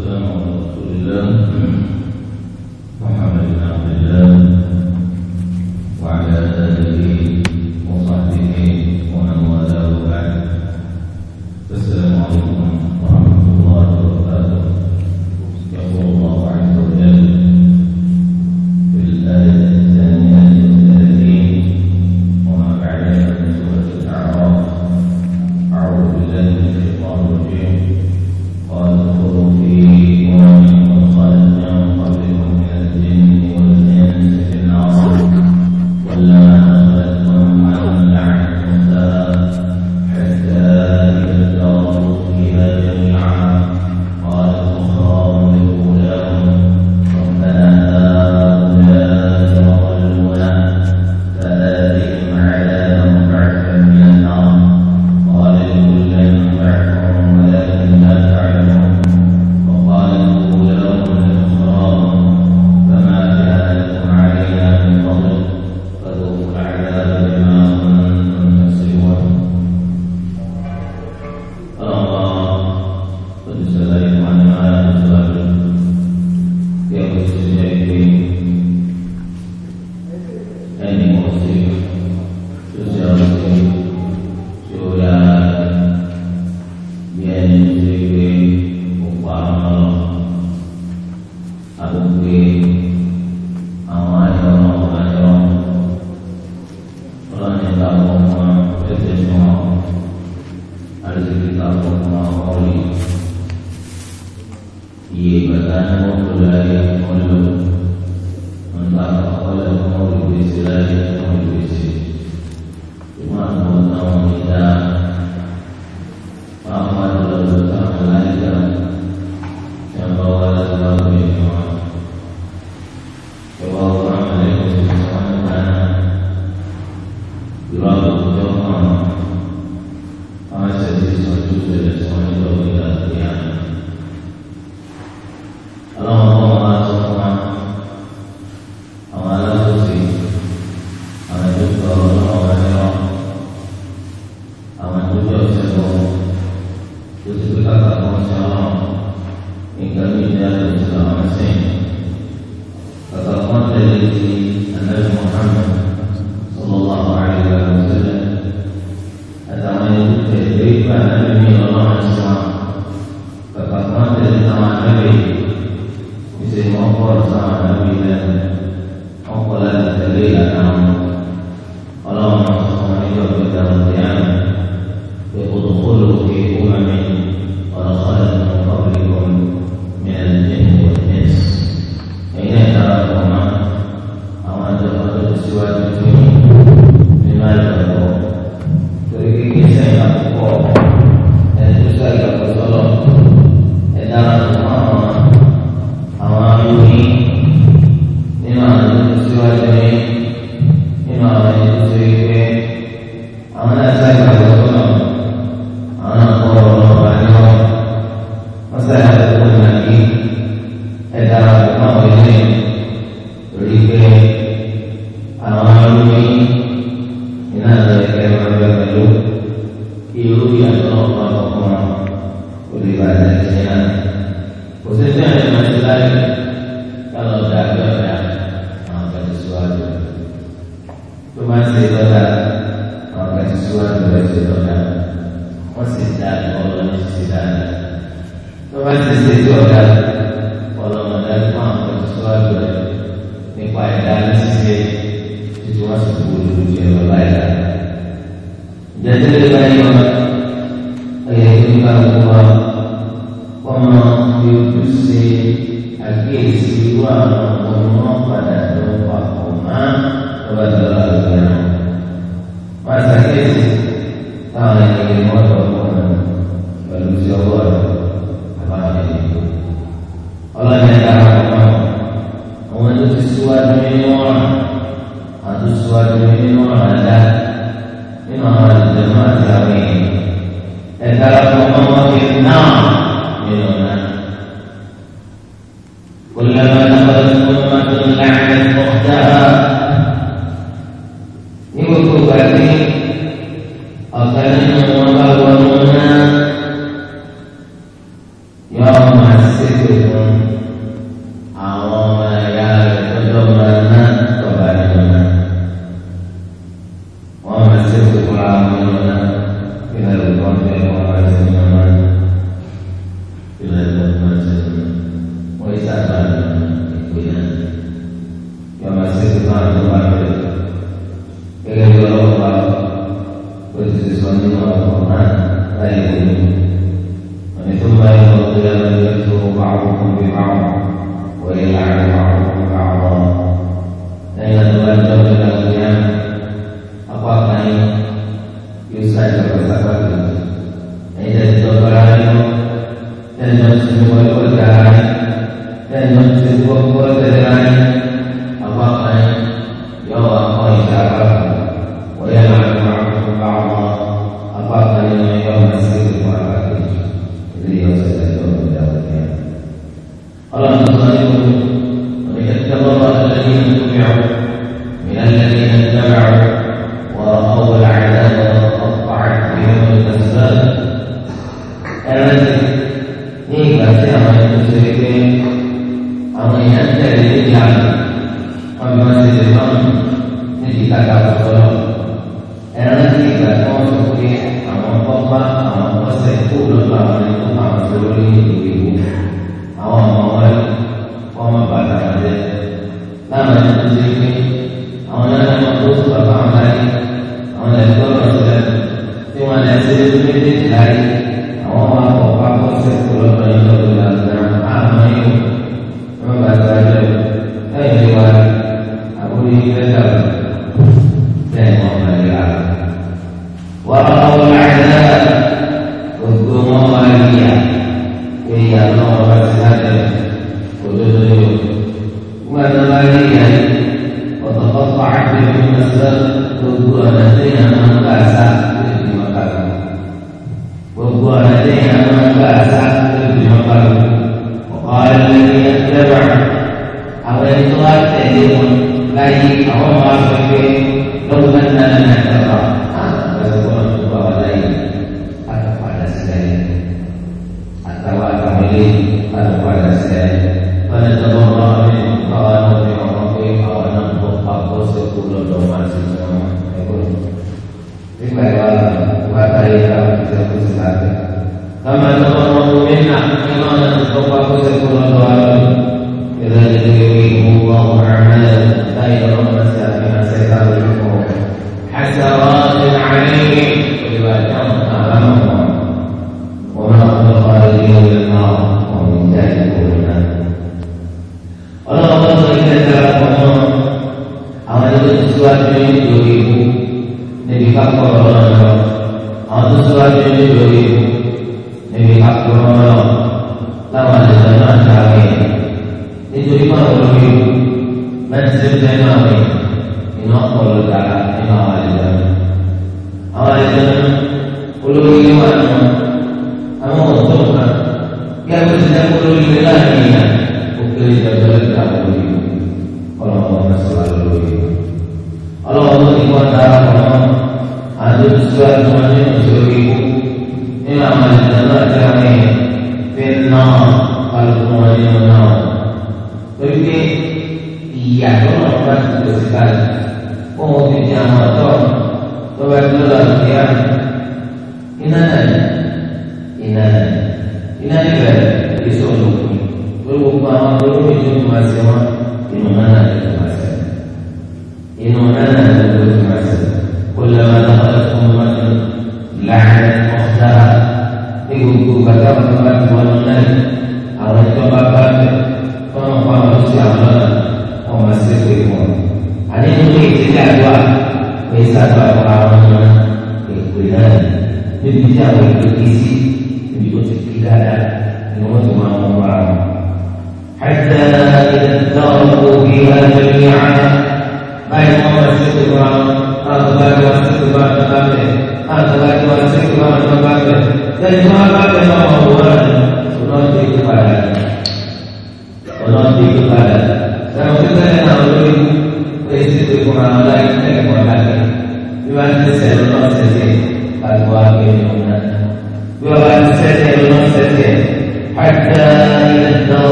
والسلام على رسول الله sesuatu yang disediakan masjid kalau masjid dan kalau masjid itu ada kalau ada memang ada sesuatu yang nikmat dan sesuatu itu masuk ke bulu bulu jadi dengan ini ayat ini kalau kita pemahami si akhir siwa pada doa Allah kepada Allah Masa Tanya lagi mana orang apa Allah yang tahu orang. Orang itu sesuatu yang sesuatu yang ada. Ini mana jemaah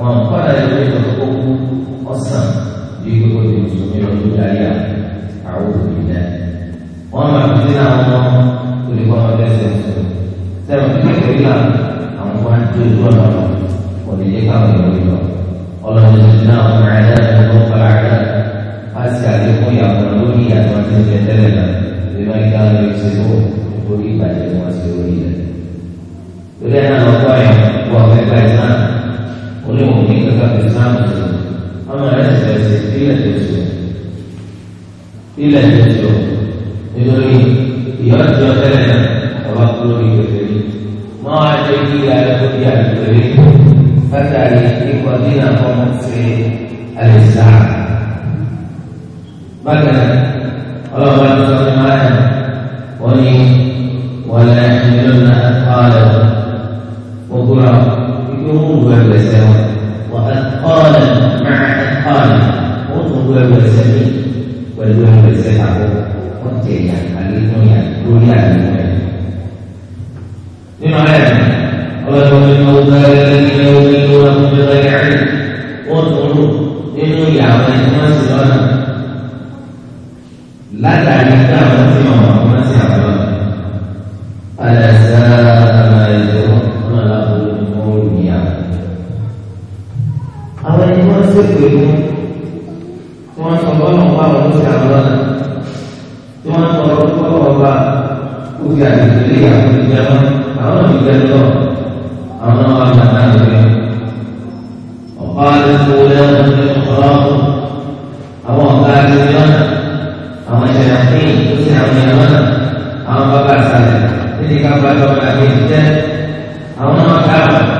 orang tua dari dia berhukum osam di kubur di musuh yang budaya tahu tidak orang berbina lah, orang tulis orang berbina saya mungkin tidak bilang kamu kan tulis orang orang boleh jadi kamu yang berbina Allah berbina orang ada dan orang berada pasti ada pun yang berbudi yang berbina jenderal lima kita lebih sibuk berbudi banyak masih berbina Kemudian anak tua yang buang air 我们应该发挥他们的，他们来起来是力量就行，力量就行。你说你第二次要再来呢，好吧，做一个决定。妈，这第二次不第二次决定，他家里一块地呢，我们是还得下。那个呢，好了，我们说妈呀，我你我来，你们来，他来，我不让。يوم وبسام وأثقالا مع أثقالا وطن وبسامي والوهم بسحبه وانتهي علمنا دنيا بما معنى قالوا من موتى الذين يؤمنون بغير علم وطن إنه يعمل ما سوانا لا تعلم كما سمعوا وما سمعوا ألا ساء ما يزورون 能是鬼呢？我说我老爸不想了，我说我老爸不想了，你讲你讲吗？然后你讲的多，然后我讲的多。我爸的姑娘很漂亮，然后我爸的姑娘，然后现在你不是想你了，然后我爸啥的，你看爸爸那边，然后我讲。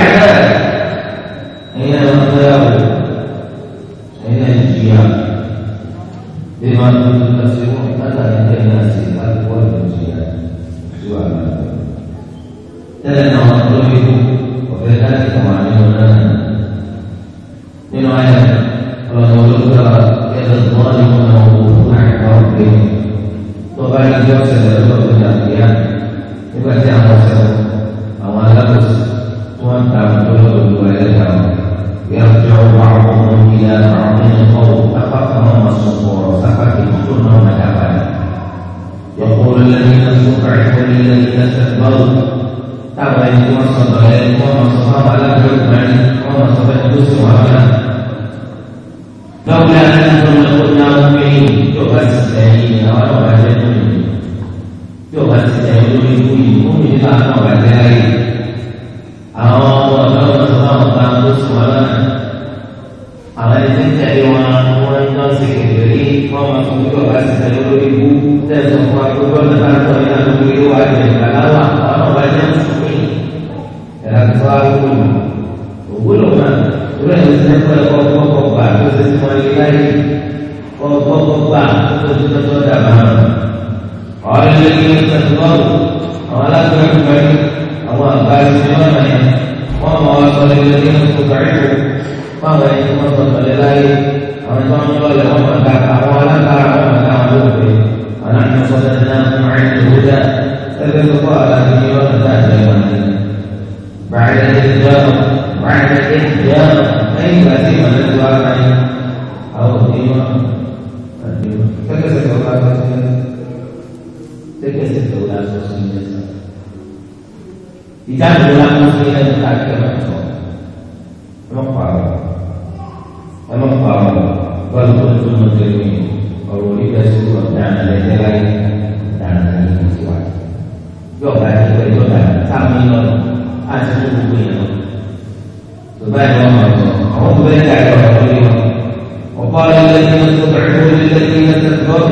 Gracias. kepada orang yang berkata Maka yang berkata oleh lain Orang-orang yang berkata Awalan karam Orang-orang yang berkata Orang-orang yang berkata Orang-orang Tetapi kekuatan ini Orang tak ada yang berkata Baiklah Baiklah Baiklah Baiklah Baiklah Baiklah Baiklah Baiklah Tetapi sekolah sosial Tetapi sekolah sosial Tidak berlaku Tidak berlaku memang faham walaupun semua jenis kalau kita semua dan yang lain dan yang lain bersuat yuk baik itu itu dan sami non asli buku ini sebab yang mana aku boleh cakap kalau ini apa yang lagi untuk berkumpul di sini untuk tuan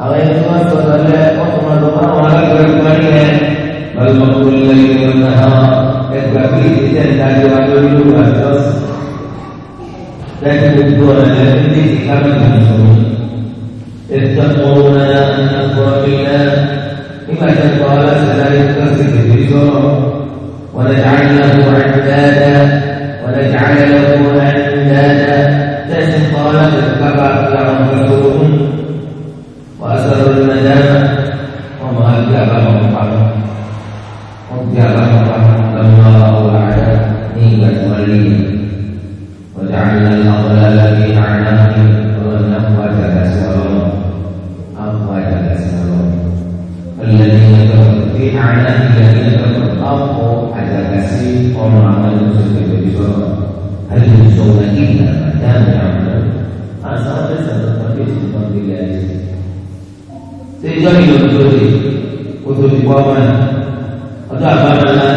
hal yang semua sebenarnya kau semua doa orang berkumpul ini baru mengulangi lagi dengan hal الفقير إذا لا يعمل أساس لكن الدول التي كما يتقون أن أخرجنا مما تقوى لا يتصف في جرم ونجعله عدادا ونجعله عدادا لكن قالت اتبعت لعنتهم وأسروا الندامة وما أكلفهم حرام وكما رحمك الله أعدائك الولي وجعلنا الأغلال في أعناقهم والأقوات أسوارهم أقوات أسوارهم الذين في أعناق الذين كفروا أقوى على كسير وما عملوا سبب بسرعة هل يجزون إلا ما كانوا يعملون أصابت ستطبيق من بلاد سيجعل الدنيا وتجبرنا Ada apa nama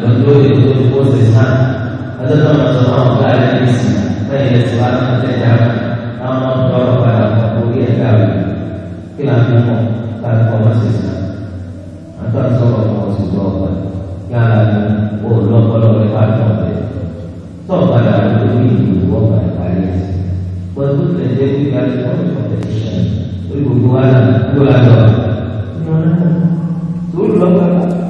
bentuk itu bentuk sesat. Ada nama nama orang lain di sini. Tapi yang sesat itu yang nama orang orang yang kau lihat kali. Kita tahu tak kau sesat. Ada nama orang orang sesat. Jangan bodoh bodoh lepas kau. So pada waktu itu bodoh pada hari ini. Bentuk terjadi kali kau competition. Ibu dua lah, dua lah. Mana? Dua lah.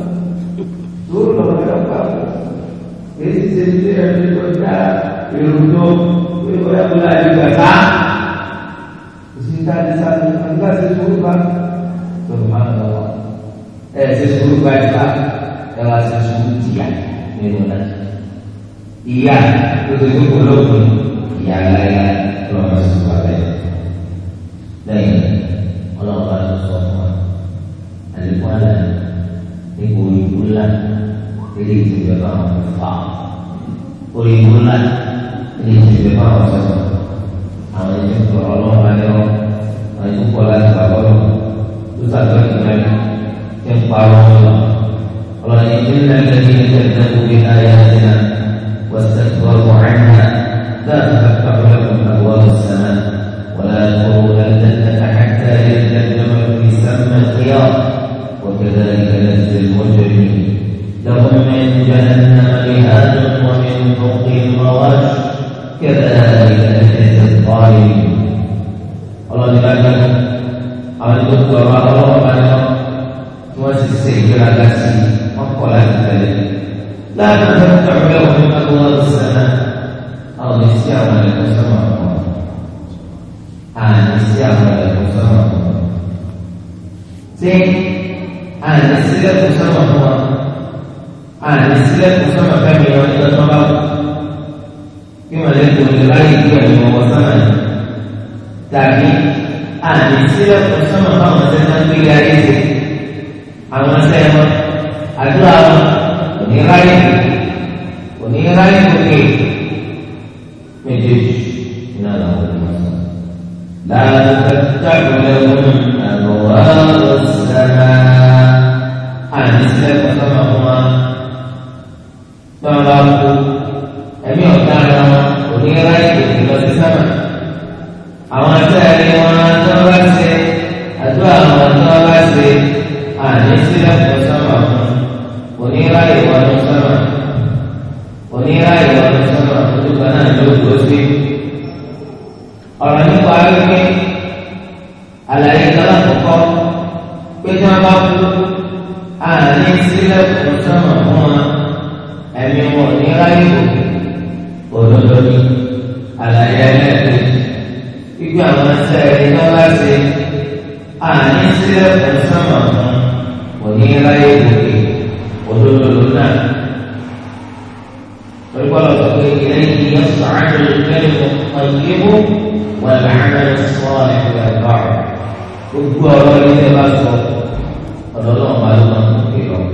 Jadi sendiri yang berkata Berhutup Berhutup lah juga Tak Cinta di satu Maka sesuruhkan Tuhan Allah Eh sesuruhkan juga Dalam sesuruh Ia Ia Ia Itu itu belum Ia Ia Tuhan Allah Dan ini Allah Allah Allah Allah Allah Allah Allah eléyìí ti bẹ báwọn fẹ́ fà orí ìlú ńlá eléyìí ti bẹ báwọn fẹ́ fà àwọn ẹni tó lọ lọ́wọ́ máa yọ àwọn ẹni kọ́ láti wà lọ́wọ́ tó tàbí ọ̀gbìn rẹ̀ ti ń pa ọ́ lọ. ọ̀rọ̀ ni ilé ẹgbẹ́ ní ilé ẹgbẹ́ tó gbé láyé àti náà wọ́n ti tẹ̀síwọ́ lọ́wọ́ rẹ̀ náà láti fẹ́ fà ọ́ lọ́wọ́ àwọ̀ ọ̀sán náà wọ́n á kọ́ ọ́ lẹ́tẹ̀ẹ́ àkàtà ilé ẹgbẹ́ tó gbé sẹ́mẹ̀ kíyà wọ́n kẹ́lẹ́ لهم من جهنم مهاد ومن فوقهم غواش كذلك نجزي الظالمين Allah dikatakan amal itu bahwa Allah banyak semua sisi gradasi mengkolan dari dan terkabul dengan Allah sana Allah siapa dan sama Allah Ani siapa dan sama Allah Sing Ani siapa sama Allah anasikia kusema kani wanaweza kwamba kama leo kuendelea kwa mambo sana tani anasikia kusema kama wanaweza kuingia hizi anasema ajua ni ah, rai ni rai kwa nini na la tatakulu min Allah wassalam anasikia ah, kusema kama tí wọ́n bá kú ẹ̀mí ọ̀gá ara wọn kò ní láì tètè lọ sí sábà àwọn àtẹ́rẹ́ wọn tí wọ́n bá ṣe àdúrà wọn tí wọ́n bá ṣe àní sílẹ̀ fún sábà fún kò ní láì wọnú sábà kò ní láì wọnú sábà olùkọ́ náà ló kó sí ọ̀rọ̀ nípa wípé àlàyé kọ́lá kọ̀kọ́ pé tí wọ́n bá kú àní sílẹ̀ fún sábà. káyé òdodo ni àlàyé ẹlẹ́ẹ̀kejì gbígbé àwọn ẹsẹ̀ ẹni náà bá ṣe àní sílẹ̀ fún sánmà kan òní ráyé gòkè òdodo ló náà. ويقال إليه يصعد الكلم الطيب والعمل الصالح يرفعه gbogbo ọ̀rọ̀ yìí tẹ́ bá sọ ọ̀dọ̀ náà máa lọ máa ń kéwàá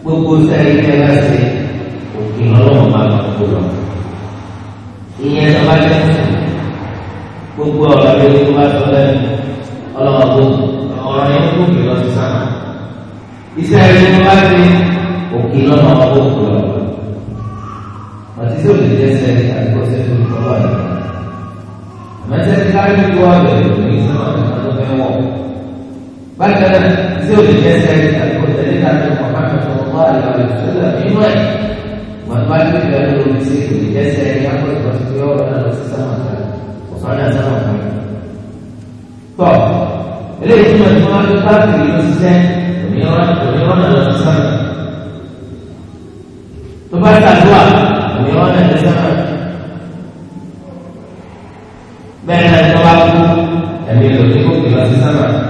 gbogbo sẹ́yìn tẹ́ bá ṣe Imam Malik Kurang. Ia terbaca buku dari Imam Malik Allah Allah orang yang pun bilang di sana. Isteri Imam Malik Okilah Malik Kurang. Masih sulit dia saya ada proses untuk keluar. Masa sekarang itu ada di sana ada pengawal. Baca Zul Jazari Al-Qudari Al-Qudari Al-Qudari Al-Qudari Al-Qudari Al-Qudari mabaki ya leo usiku ni jinsi ya yako kwa siku yao na sasa mtaa kwa sana sana kwa kwa ile kuna kuna kitu kile kile ni ona ni ona na sasa to baada dua ni ona ni sasa baada ya sababu ya leo usiku kwa sasa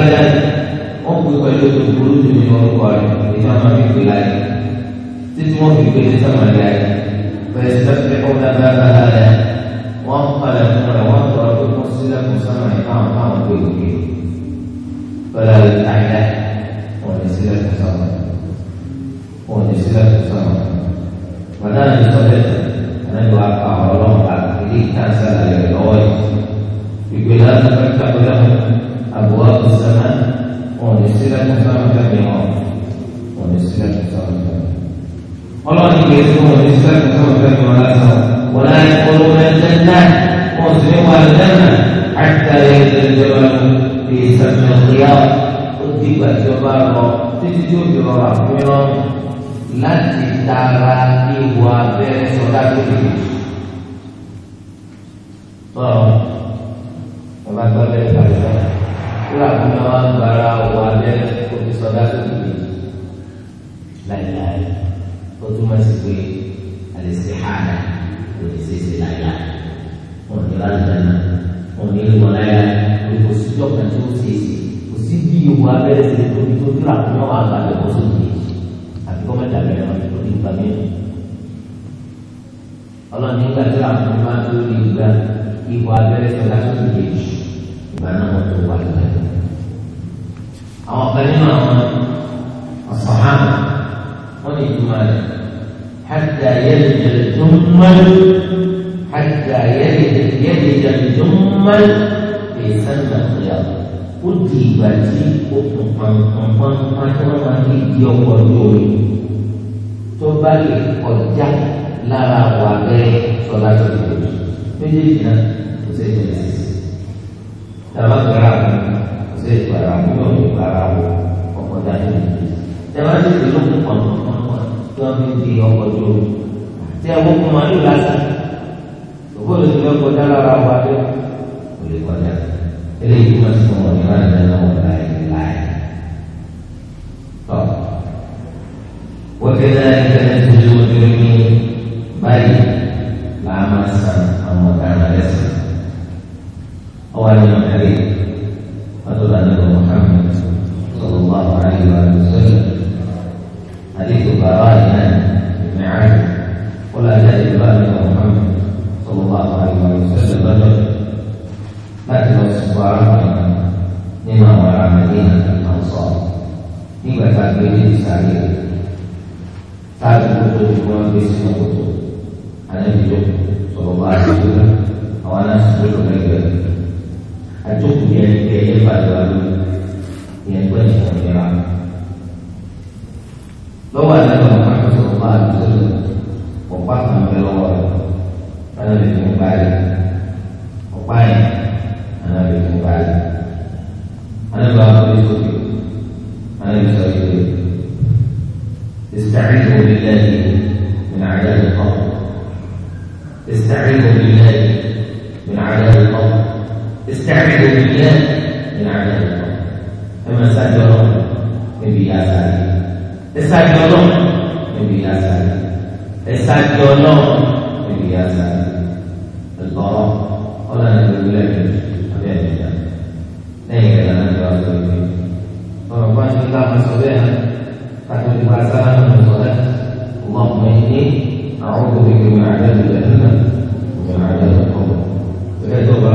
বিলাই ও কই কই তো গুরু জি নিব কই এটা আমি বিলাই তে তো মই কই তে সামনে লাই বেস্ট সে কো না দা দা দা ও কল তো ও তো তো মসজিদে মুসলমান কাম কাম কই কই বলাল তাই না ও মসজিদে মুসলমান ও মসজিদে মুসলমান বলাল তো তে আমি দোয়া কা হলো আর কি কাজ করে লয় ইকুলা সফর কা কইলা أبواب السماء ونسلت سماء الجمار ونسلت سماء الجمار الله عليك يسمى ونسلت سماء الجمار ولا يقولون الجنة مسلم الجنة حتى يجد الجمال في سماء الخيار وديك الجمار تجد جمال رحمه nanti darati wabe sodaku ini. Oh, apa tuan dari Itulah para bara wadil Kutu soda tu tu Lain-lain Kutu masih kui Ada sehara Kutu sisi lain-lain Mungkinlah dan Mungkin mulai Kutu sujuk dan kutu sisi Kutu sisi wadil Kutu itu tu lah gunawan bara kutu Tapi kau macam mana Kutu kami. Allah ni tak jelas Kutu itu juga Ibu ada yang terlalu tinggi Ibu ada yang terlalu àwọn ọ̀pẹ nínú àwọn ọ̀sán wọ́n ní ìtumọ̀ rẹ̀ hàtà yẹ́lẹ̀ tó ń mọ́lú hàtà yẹ́lẹ̀ yẹ́lẹ̀ tó ń mọ́lú èyí sẹ́ńtà ìyá ó di ìgbà tí ó kún pọnpọnpọn pátá wọn máa ní ìdí ọkọ lórí tó bá lè kọjá lára wà bẹ́ẹ̀ sọlá tó lè lò méjèèjì náà kò sẹ́yìn lẹ́sìn tàbá gbára àwọn. ṣe ìgbàlá nínú ìgbàlá ọkọ̀ dání nìyí. Tẹ̀wá ti di lókun kan tí o. Tí ẹ wọ́n kún wọn ló lásán. Òkú ló ti fẹ́ kọjá lára wa dé. Kò lè kọjá. Eléyìí wọ́n ti fún wọn ní láti dáná wọn láì láì. Wọ́n fi náà ẹgbẹ́ náà tó lé wọn lórí ní báyìí. Làá máa diri saya Saya betul dikuat di sini betul Hanya hidup Sallallahu alaihi wa sallam Awana sebut kebaikan Hancur dunia ini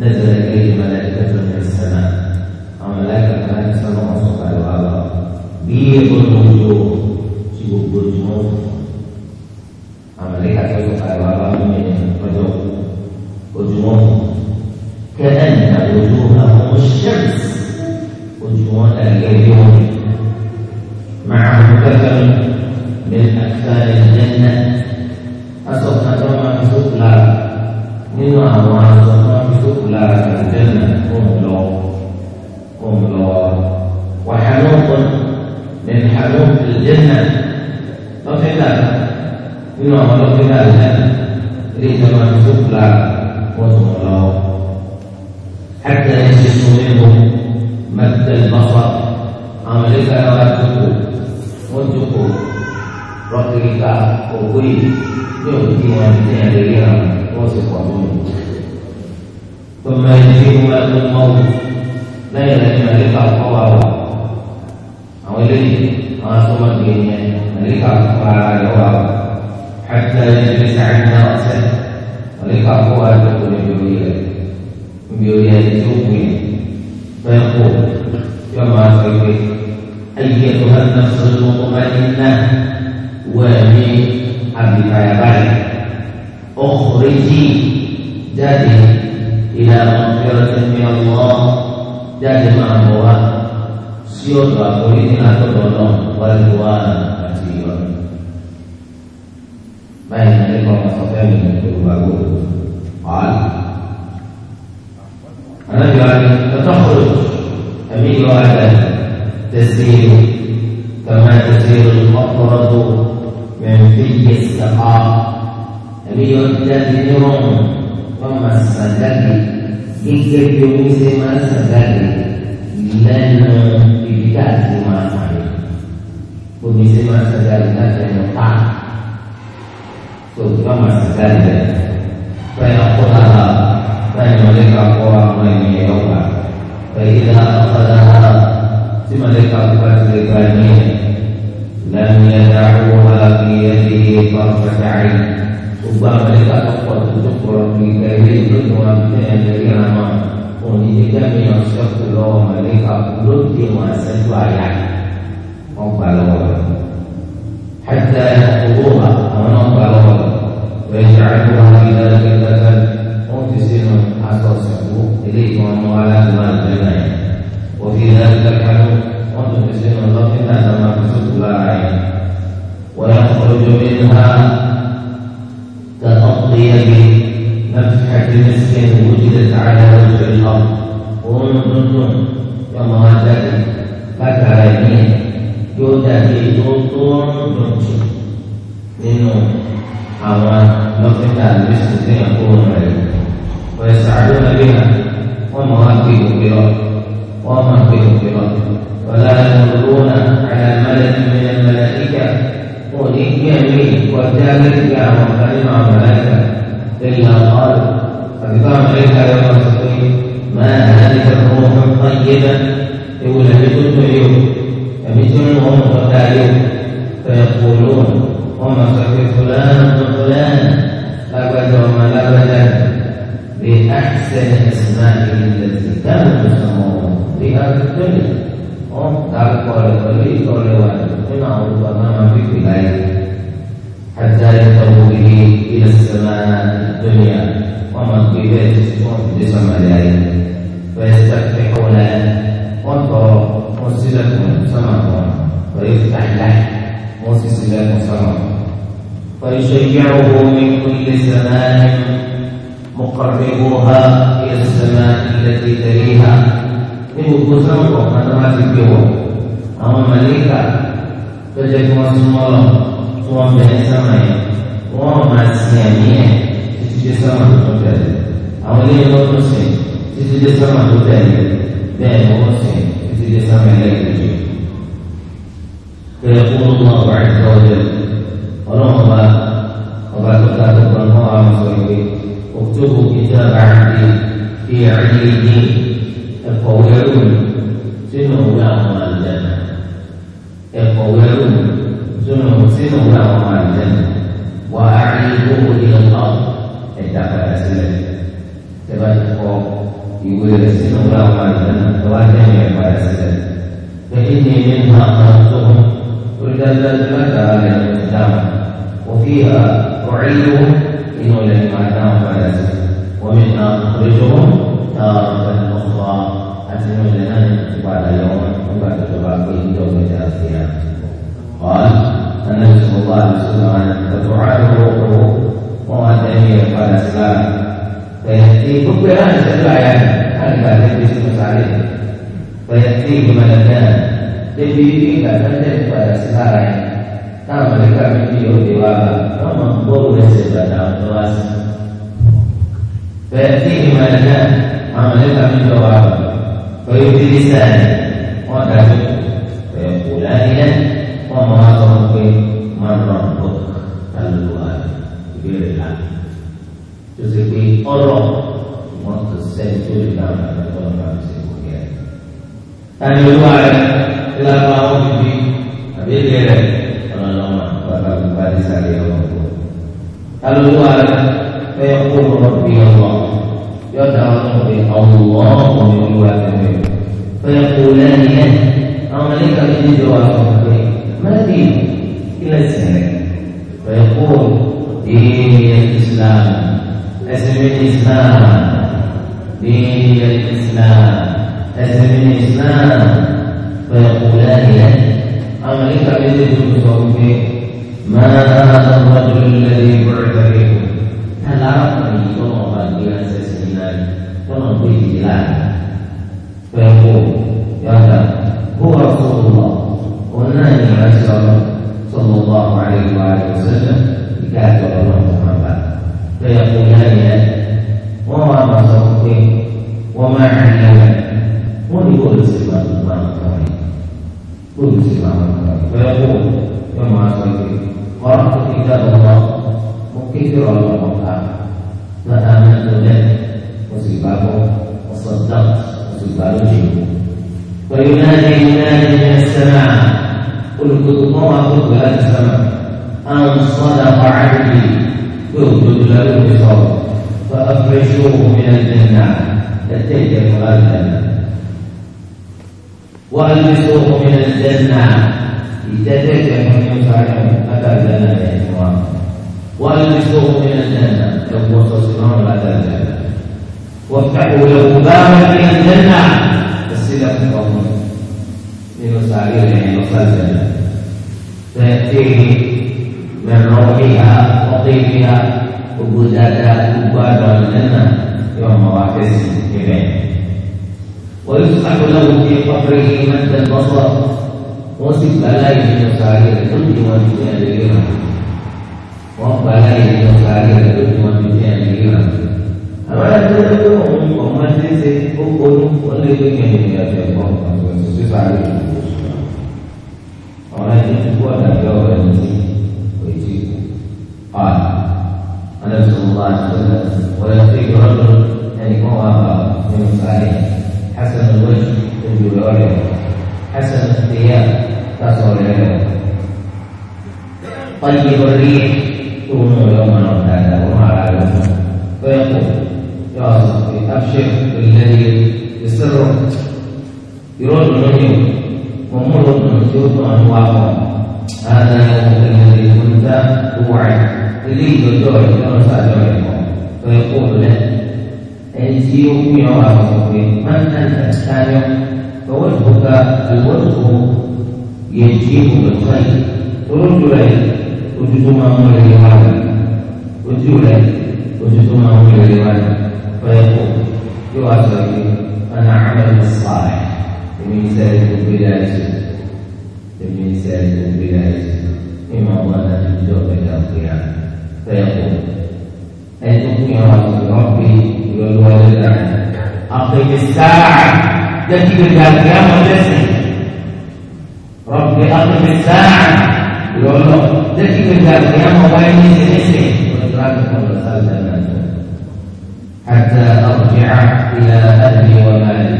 نزل إليه ملائكة من السماء وملائكة ملائكة ملائكة سماء وصفة الغابة بيض الوجوه Give given يثبت له بصوت فأفرشوه من الجنة لتلك المؤذنة وألبسوه من الجنة لتلك من يفعلهم أتى الجنة يسوع وألبسوه من الجنة يقول تصنعون أتى الجنة وافتحوا له بابا من الجنة السلف قوم من مساعير يعني مسلسل فيأتيه berrohiha otihiha ubudada ubadal jana yang mawakis kebe wa yusakul lahu di kafrihi dan basah musib balai minum sahir pun cuma bisa dikirah wa balai minum sahir pun cuma bisa dikirah Rasulullah Muhammad SAW pun boleh dengan dia oh, dia pun sesuatu sahaja. Orang yang tua dan jauh dan jauh. قال الله صلى الله عليه وسلم ويلقيه رجل يعني هو من صالح حسن الوجه من له حسن الثياب تصور له طيب الريح تغنو يوما وكذا وما على فيقول يا صديقي ابشر بالذي يسره يرد منه ومر من سوء هذا يوم الذي كنت توعد eléyìí lọ́jọ́ rẹ̀ lọ́rùn sàjọ rẹ̀ mọ́ tó yẹ kó lọ lẹ́nu ẹni tí ó kú yàn wà fún pé máa ń tàn tàn sáré lọ́wọ́ ìfọ́ka ìwọ́ ìfọ́ yẹ tí ó lọ sáré olójú rẹ̀ ojú tó máa ń mú rere wá rẹ̀ ojú rẹ̀ ojú tó máa ń mú rere wá rẹ̀ tó yẹ kó yóò wá sọ pé ọ̀nà àmọ́ ní sàrẹ̀ èmi ń sẹ́yìn tó gbé láyé èmi ń sẹ́yìn tó gbé láyé ìmọ̀ wọn láti jọ ọ̀gbẹ́dà òkè yàrá. saya pun orang yang rompi dua dua apa yang besar dan tidak jaga majlisnya rompi apa besar Lolo, jadi kejar dia mau bayar sini sini. Berterang kepada saudara nanti. Hatta arjiah ila adli wa mali.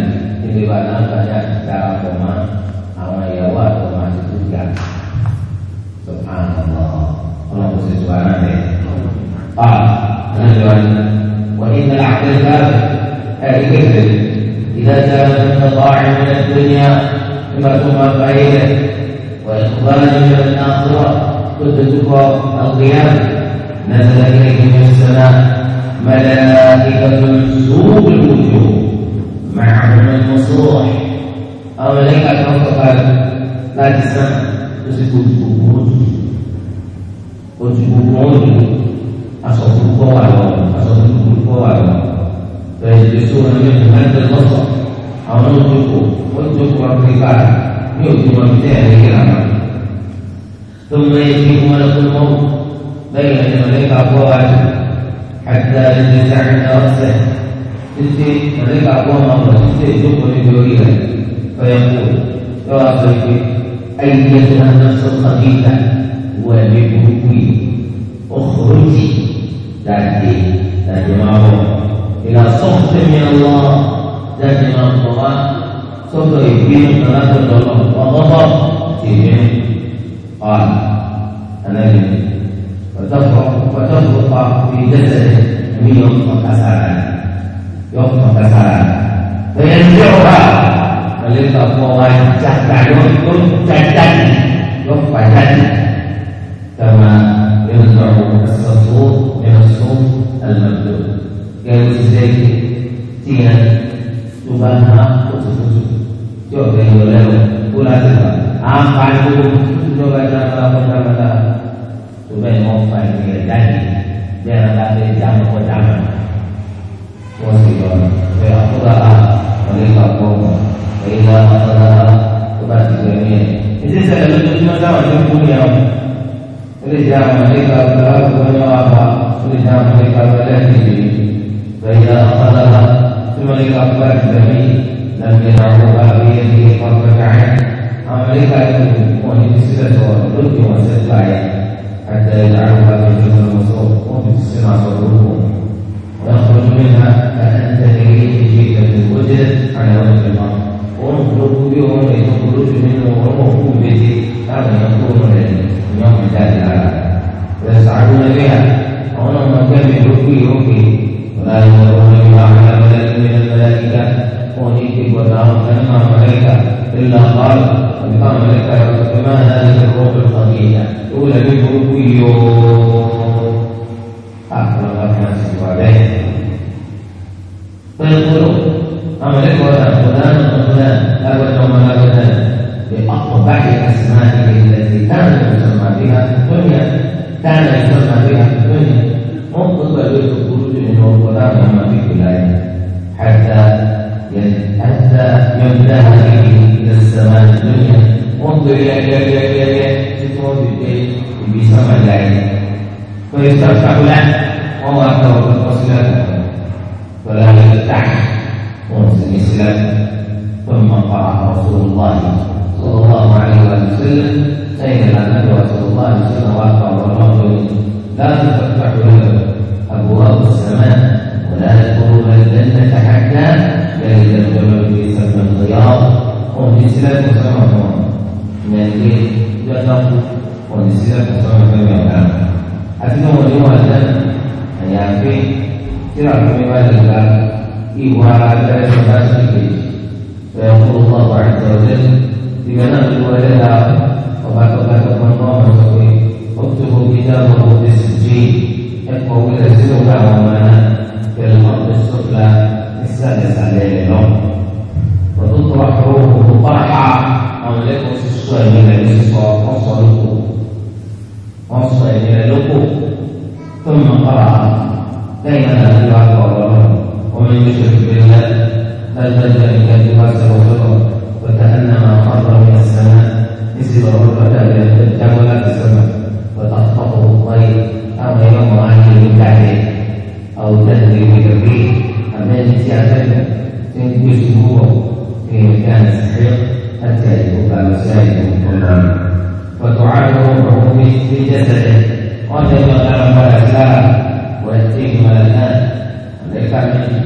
Jadi bila tanya kita apa ama ya wa apa itu kan? Subhanallah. Allah قال نزلا وإن العقل الكافر أي كفر إذا زال من طاعن من الدنيا ثم بعيده وإقبال من الناصرة ضد كفر القيامة نزل إليه من السماء ملائكة سوء الوجوه معهم المصروح أو ملائكة تنطق لا تسمع تسكت وجوه وجوه أسس القواعد أسس القواعد فيجلسون منه هذا البصر أو ينطقوا وينطقوا الرقاع يؤتوا بتاعه العمل ثم يجيء ملك الموت بين ملك أقواعد حتى يجلس عند رأسه تلتي ملك أقوام الله تلتي تقبل بوجهه فيقول يا صديقي أيتها النفس الخبيثة وبكل اخرجي dahi dan jemaah Ila sohbe ah, ni Allah dan jemaah Tuhan Sohbe ibu yang telah berdolong Allah Sini Al Anani Bertafuk Bertafuk Bagi jasad Minum Makasaran Yuk Makasaran Dengan jawa Melintah Kau Cacat Yuk Cacat Yuk Cacat presidente tinha lugar na África, que eu tenho o leão, A paz do mundo, que eu tenho o leão, o meu irmão vai me ajudar, e ela vai me ajudar, eu vou te ajudar. Eu vou te ajudar, eu vou te ajudar, eu vou te ajudar, eu vou te ajudar. Esse é o الأكبر الذهبي لم يدعوها بيده قبل عام أمريكا ونفسدت والدنيا وستبعد حتى يجعلها بجنة المصروف ومتسمع صدورهم ويخرج منها كأن تدريه بشدة الوجد على وجه الأرض وانطلق بهم يخرج منه ومفهوم به كما يكون يوم ذات العالم ويسعدون بها وهم من كم يلقي يلقي ولا يدرون بها ملكت أونيتك وتعاملت مع ملكة إلا قال بما ملكة فما هذه الروح الخبيثة تولى به كل يوم أحسن الله نفسك وعليه فيقول أملك ولا فلان وفلان أبدا ولا فلان بأقبح أسمائه التي كان يسمى بها في الدنيا كان يسمى بها في الدنيا انظر الخروج من وطنها في ولايته hatta hatta yumda ini ila zaman dunia, untuk ila ila ila ila ila semua dikai bisa menjadi Kristus sebulan mau atau berpasangan telah ditetap untuk Islam pemakaran Rasulullah Sallallahu Alaihi Wasallam Sayyidina Nabi Rasulullah Sallallahu Alaihi Wasallam dan sebab Abu Abu Sama'ah dalam kubur dan mencahaknya dari dalam kubur sama beliau kondisi itu sama pun menjadi jadap kondisi itu sama beliau. Hati nomor dua dan yang ke tidak lebih dari ibu harga dan berat sedikit. Yang kedua barang terus di mana dua jadap obat-obat terpenuh untuk untuk kita untuk disuci. Yang kau kita sudah mengenal في الأرض السفلى السادس عليه اليوم وتطرح روحه طرحا أملاك السوء من الإسراء وصلوا وصل إلى لقوا ثم قرأ دائما الأدعاء والله ومن يشرك بالله فالبدل إلى جواز وفطر وكأنما خر من السماء نسب الرتبة إلى الجولة في السماء وتخطفه الطير أو يوم عليه من تحته au tahdi ada rabbi amma siyasat in kusbu in kan sahih hatta yuqal saya bin tamam wa tu'adu rumi di jasad wa yang dalam rasa wa tinmalana mereka ini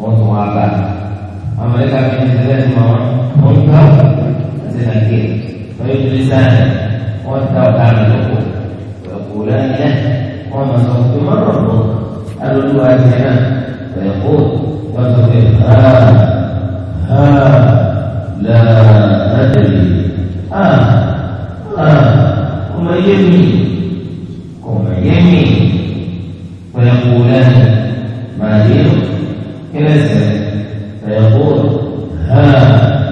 orang tua lah mereka ini sudah semua orang tua masih lagi tapi tulisan orang tua dalam buku bulan ya orang tua itu mana أدعو هنا فيقول وتقول ها ها لا أدري ها آه. آه. ها وما يمي وما يمي فيقولان ما هي كنسة فيقول ها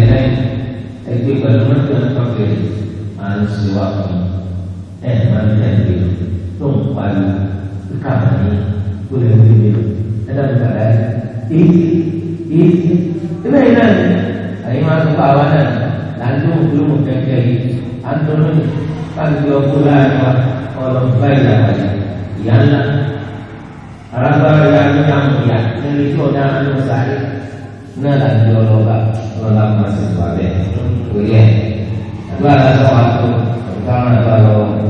lain-lain Tapi bagaimana dengan kafir Manusia wakil Eh, mana yang dia Tung, bayi Dekat ini Boleh berdiri Ada yang tak lain Isi Isi Kena ilan Saya masuk kawanan Lalu belum berjaya Antara ini Kan dua bulan Orang baik yang baik Ialah Rasa yang yang Yang itu dalam usaha ini ada dua lomba Lomba mahasiswa Kuliah Itu ada sesuatu Kepala dua lomba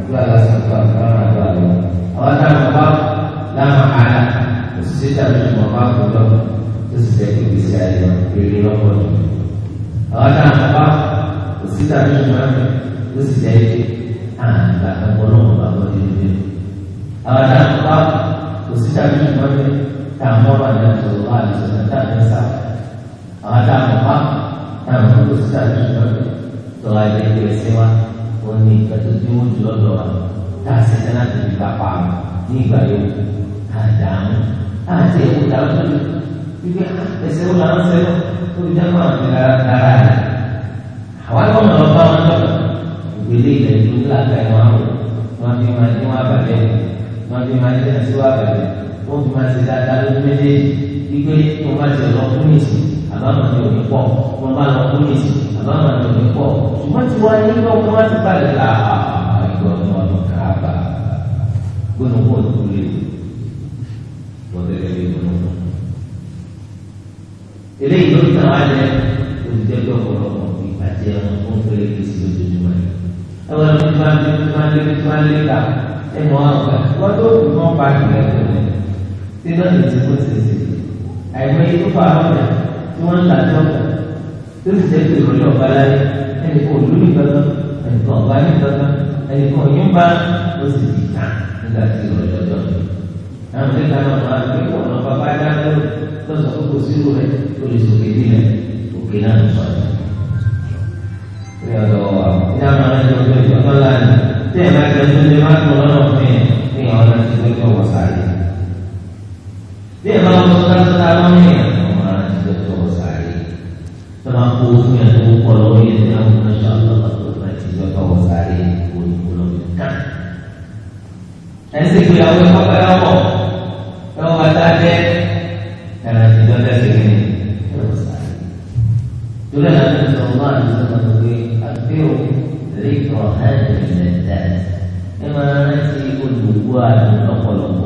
Itu ada sesuatu Kepala dua lomba Awak tak apa Lama ada Sisi tak cuma Kau tak Itu sesuatu bisa Dia beri lomba Awak tak apa Sisi tak cuma Itu sesuatu Ah, tak ada bolong Bapak diri Awak tak apa Sisi tak cuma Itu ถ้าพ่อวันนั้นตัวว่าจะจัดเสียอาจารย์ผมก็ถ้าผมก็จะจัดเสียตัวไอ้เด็กเรียนว่าคนนี้ก็จะยุ่งจุดตัวถ้าเสียนั้นจะมีกระปังนี่ก็ยุ่งถ้าจังถ้าเสียผู้ดาวจะยุ่งที่ก็เสียผู้ดาวเสียผู้ดาวมาที่การการอะไรหัวข้อมันก็ต้องมันก็วิธีเดินดูแลใจมันมันที่มันที่ว่าแบบนี้มันที่มันที่จะช่วยแบบนี้ wọ́n máa ti dáadáa lójúmọ́ lé ipe wọ́n máa ti lọ fúnìsì àbámọ̀dé omi pọ̀ wọ́n máa lọ fúnìsì àbámọ̀dé omi pọ̀ wọ́n ti wá ní lọ́kùn wọ́n ti balẹ̀ la ìgbọ̀nù ọdún kaaba gbọ́dọ̀ pọ̀ lórí ọ̀dẹ́gẹ́lẹ́ ìgbọ̀nù ọdún. eléyìí ló ń tẹ̀ wá jẹ́ olùdẹ́gbẹ́ ọ̀pọ̀lọpọ̀ ìbàjẹ́ ọ̀hún fẹ́rẹ́ kìsì lójoojúmọ́ ẹ̀ wọ́n 这段日子过自己的，还会不化妆的，就往哪走的，都是些最重要回来，还得过农历高中，还得过万历高中，还得过元旦，都是几天，人家最重要的。然后这看到嘛，给我们把大家都都是不够收入的，都是给你们，我给他们算的。不要多，家长来就就就过来，再买点东西，买多了我们，你好，那就会给我塞的。dia melakukan setahun ini Masih berapa sehari Semampu punya tubuh kolom ini Dia Masya Allah Masih berapa sehari Kan Dan si kuda awal apa kata apa Kau baca aja Karena si kuda dia sini Itulah Nabi Allah Bisa menunggu Aktiru Rikrohan Dari Dari Dari Dari Dari Dari Dari Dari Dari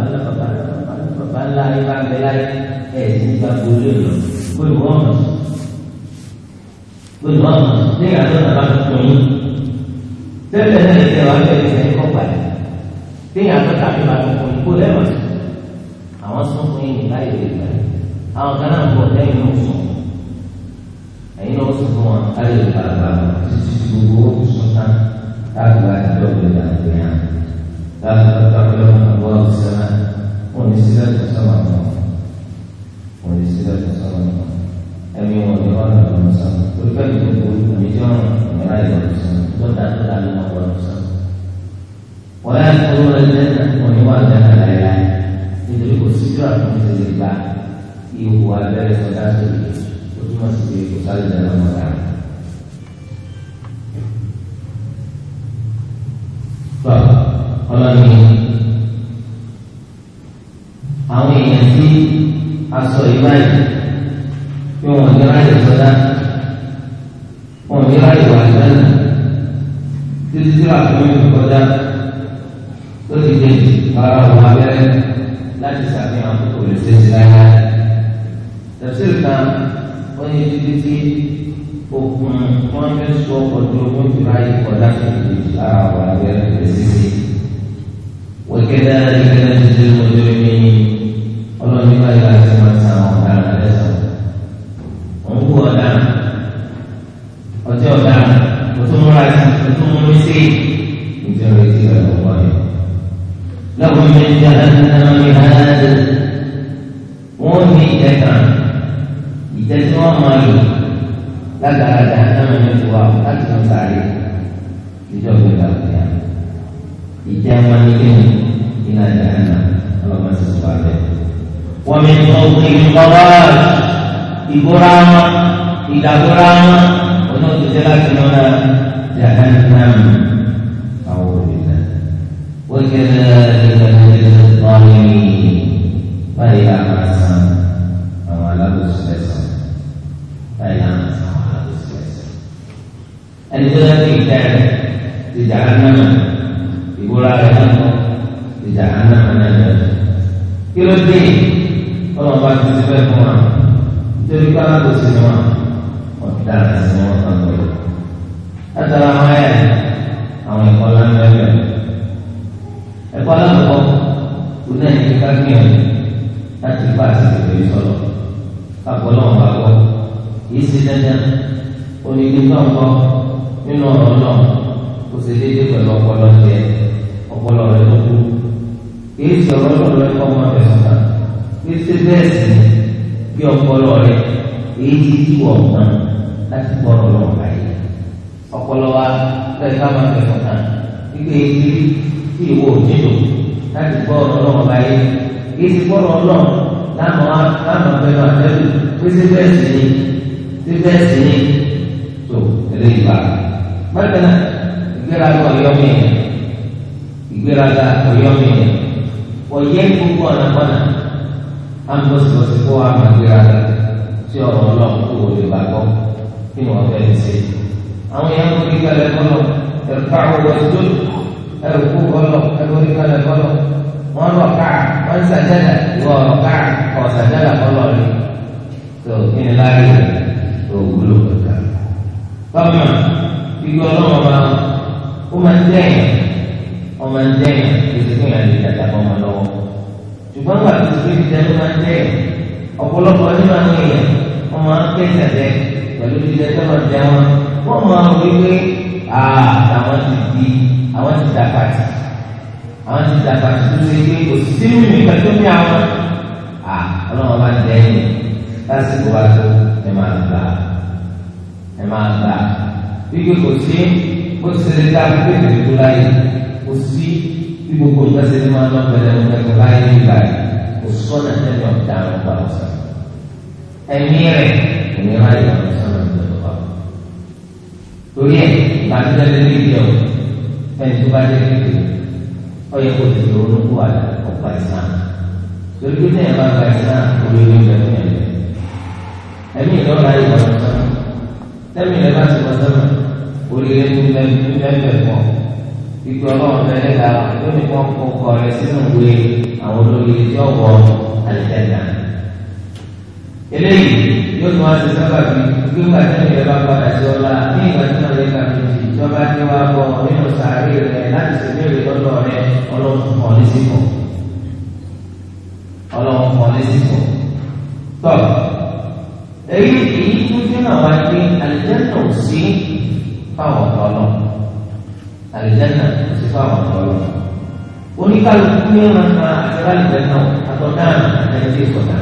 Salah ni panggilan Eh, sini kan boleh tu Kul bomas Kul bomas Ini kan tu tak tahu Kul bomas Dia dah nak ikut orang Dia dah nak ikut orang Dia dah Kul bomas Awak semua pun ingin kaya dia Awak kan nak buat dia ingin usung Ini usung semua Kali dia tak tahu Sisi buruk Sementara Tak buat Tak buat Tak buat Tak buat Tak buat Tak buat Universidad de Salamanca. Universidad de Salamanca. El mismo de la Universidad de Porque hay un grupo de millones de la Universidad de Salamanca. Por tanto, la misma de la Universidad. Por eso, todo el día, con igual de la Universidad de la Universidad y un lugar de la Universidad de la Universidad de la Universidad. Bueno, hola amigos. èèyàn sí aṣọ ìbáyìí pé wọn ò ní ráyè sọdá wọn ò ní ráyè wà lẹ́nu títí tí àfihàn yìí kọjá tó ti dé ara wọn abẹ́rẹ́ láti ṣàfihàn àkókò rẹ̀ ṣe ti láyà. tẹ̀sílì kan wọ́n yẹ títí tí okùn wọn fẹ́ sọ ọdún ogún tó ráyè kọjá tó ti dé ara wọn abẹ́rẹ́ rẹ̀ ṣe ti. وكذلك نجزي المجرمين Kalau kita tidak cuma sama orang ada sahaja. Ungu ada, ojo ada, betul mulai, betul mulai si, betul mulai si kalau kau. Lagu menjalan dengan melihat, mohon dijatuhkan, dijatuhkan malu. Lagu ada dengan menjual, tak cuma sari, dijual berapa? Ijaman itu inajahana, kalau masih sebaliknya wa min qawli qawat ikurama idagurama untuk jelas kepada jangan enam awalnya wa kadzalika hadzal zalimi fala asam awala usasa fala awala usasa anjuran kita tidak enam ibu lah yang tidak enam menjadi kerudung kalau baca sebagai pemaham jadi kalau ada sinema kita ada sinema tanggul ada ramai orang yang kuala negara yang eh, kuala negara guna yang kita kini tak cipas sebagai solo tak boleh membaca isi dana pun orang tanggul minum minum Kusiti itu kalau kolon dia, kalau orang itu, ini kalau orang itu mana besar? Você pensa que o colo é esse tipo de homem, não se pode colocar ele. O colo é da cama de fonte. E que ele se o outro, não se pode colocar ele. E se for o nome, não há, não há, não há, não há, você pensa em, você pensa em, so, ele vai. Mas, né, igreja do homem, igreja do homem, o tempo que o homem, 咱不是是保安员过来的，只要我落不我就罢工，听我解释。俺们要不给他来工作，要干活是准，还有苦活咯，还不给他来工作，我落干，俺三天的，我落干，跑三天的，我落的，就天天拉的，就无路可干。他们一个那么嘛，我们这样，我们这样就是这样的，大家帮忙咯。ṣùgbọ́n wà ní ìlú ìjà ló máa ń jẹ́ ọ̀pọ̀lọpọ̀ nínú àwọn èèyàn wọ́n máa ń pè sẹ̀dẹ̀ pẹ̀lú ìjà tó máa jẹ wọn wọ́n máa ń wíwé àwọn ti di àwọn ti dàgbàtì àwọn ti dàgbàtì tó ṣe pé kò sí mímì pẹ̀lú mi àwọn ọlọ́run máa ń jẹ́ ẹ̀yìn lásìkò wa tó ẹ máa gbà ẹ máa gbà wíwé kò sí bó ti ṣe lè dá ibu kota semalam banyak banyak lain lagi. Usulnya yang pertama bangsa. Emire, Emire yang bersama dengan Bapa. Tuhan, bangsa dari dia, yang suka dari itu. Oh ya, aku jadi orang kuat, aku bangsa. Berikutnya yang bangsa, aku lebih dari dia. Emire, orang lain bangsa. Tapi lepas bangsa, aku lebih dari dia. ìgbé ọlọ́run bẹ́ẹ̀ lẹ́la lónìí kan kó kọ rẹ sínú ìwé àwọn olórí tí ó wọ àlìjáde eléyìí yóò tún wá sí sábà bí gbígbà tí ìyẹn bá padà sí ọlá ní ìgbà tí wọn lè ka méjì tí wọn bá dé wá bọ nínú sàárè rẹ láti ṣèlérí lọ́dọ̀ rẹ ọlọ́run kọ ní sípò ọlọ́run kọ ní sípò tọ èyí èyí tún dín àwọn àti àlìjáde ò sí fáwọn ọlọ́run. Al-Jannah Sifawah Al-Jannah Unikal punya nama Acara Al-Jannah Atau nama Ada jenis kota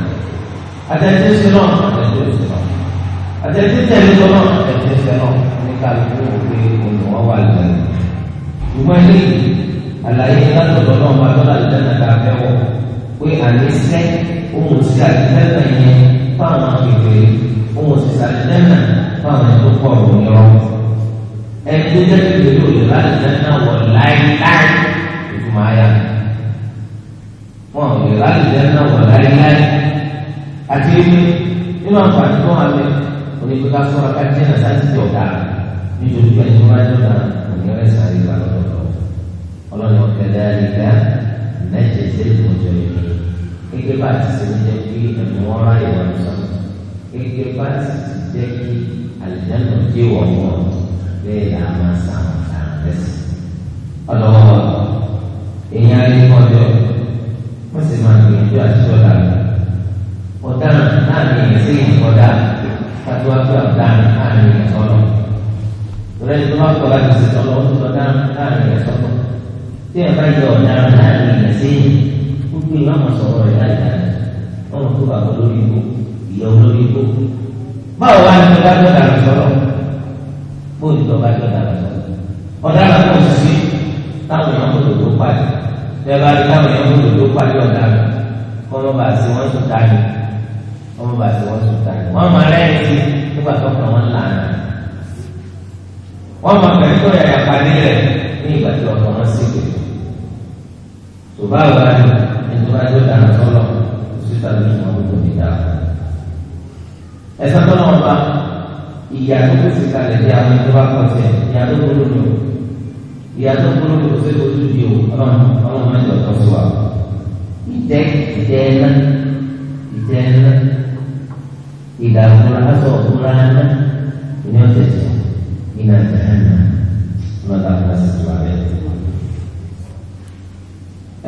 Ada jenis kota Ada jenis kota Ada jenis kota Ada jenis kota Unikal punya Untuk awal Al-Jannah Cuma ini Al-Ayah Al-Jannah Al-Jannah Al-Jannah Al-Jannah Kui anis ke umur sekali kerana ini panah kiri umur sekali jangan panah itu korun yang em cứ rất ví dụ như là rất là một lai lai thì không ai ăn mà người ta thì rất là một lai lai à chứ nhưng mà phải có hàng đấy còn những cái số là cái trên là sai chỉ tiểu cả như chúng ta như chúng ta chúng ta cũng như là sai là nó đó hoặc là những cái đấy thì là nên chỉ sử dụng một cái cái cái bát chỉ sử dụng cái cái ngoài và cái cái bát chỉ sử dụng cái hành động kêu gọi Bawaan kepada orang sorong, bóòlù tó bá jọ̀dá lọ. ọ̀daràn kò sí táwọn èèyàn kò lòdò pàdé bẹ́ẹ̀ bá rí táwọn èèyàn kò lòdò pàdé ọ̀daràn kọ́ ló bá sí wọ́n tún tani kọ́ ló bá sí wọ́n tún tani. wọ́n máa rẹ́yìn sí nígbà tó kàn wọ́n lànà. wọ́n máa bẹ̀rẹ̀ tó yàyà pàdé rẹ̀ ní ìgbà tí ọ̀kan wọn sì gbé. tòbá wà ní ìtura jọ̀dá lọ́sọ̀rọ̀ sí tàbí ìmọ̀ ọ̀gbọ̀n ìdá. ẹ̀sán tó náà bá ইয়াদু ফিসালে ইয়াদু জবাব আছে ইয়াদু বলুনো ইয়াদু বলুনো সে বলুন দিও আমার আমার মানে দাও কসুয়া ইদেক ইদেল ইদেল ইদা বলা তো কুরআন ইনতে ইনা জাহান্নাম আমার দাও কসুয়া দে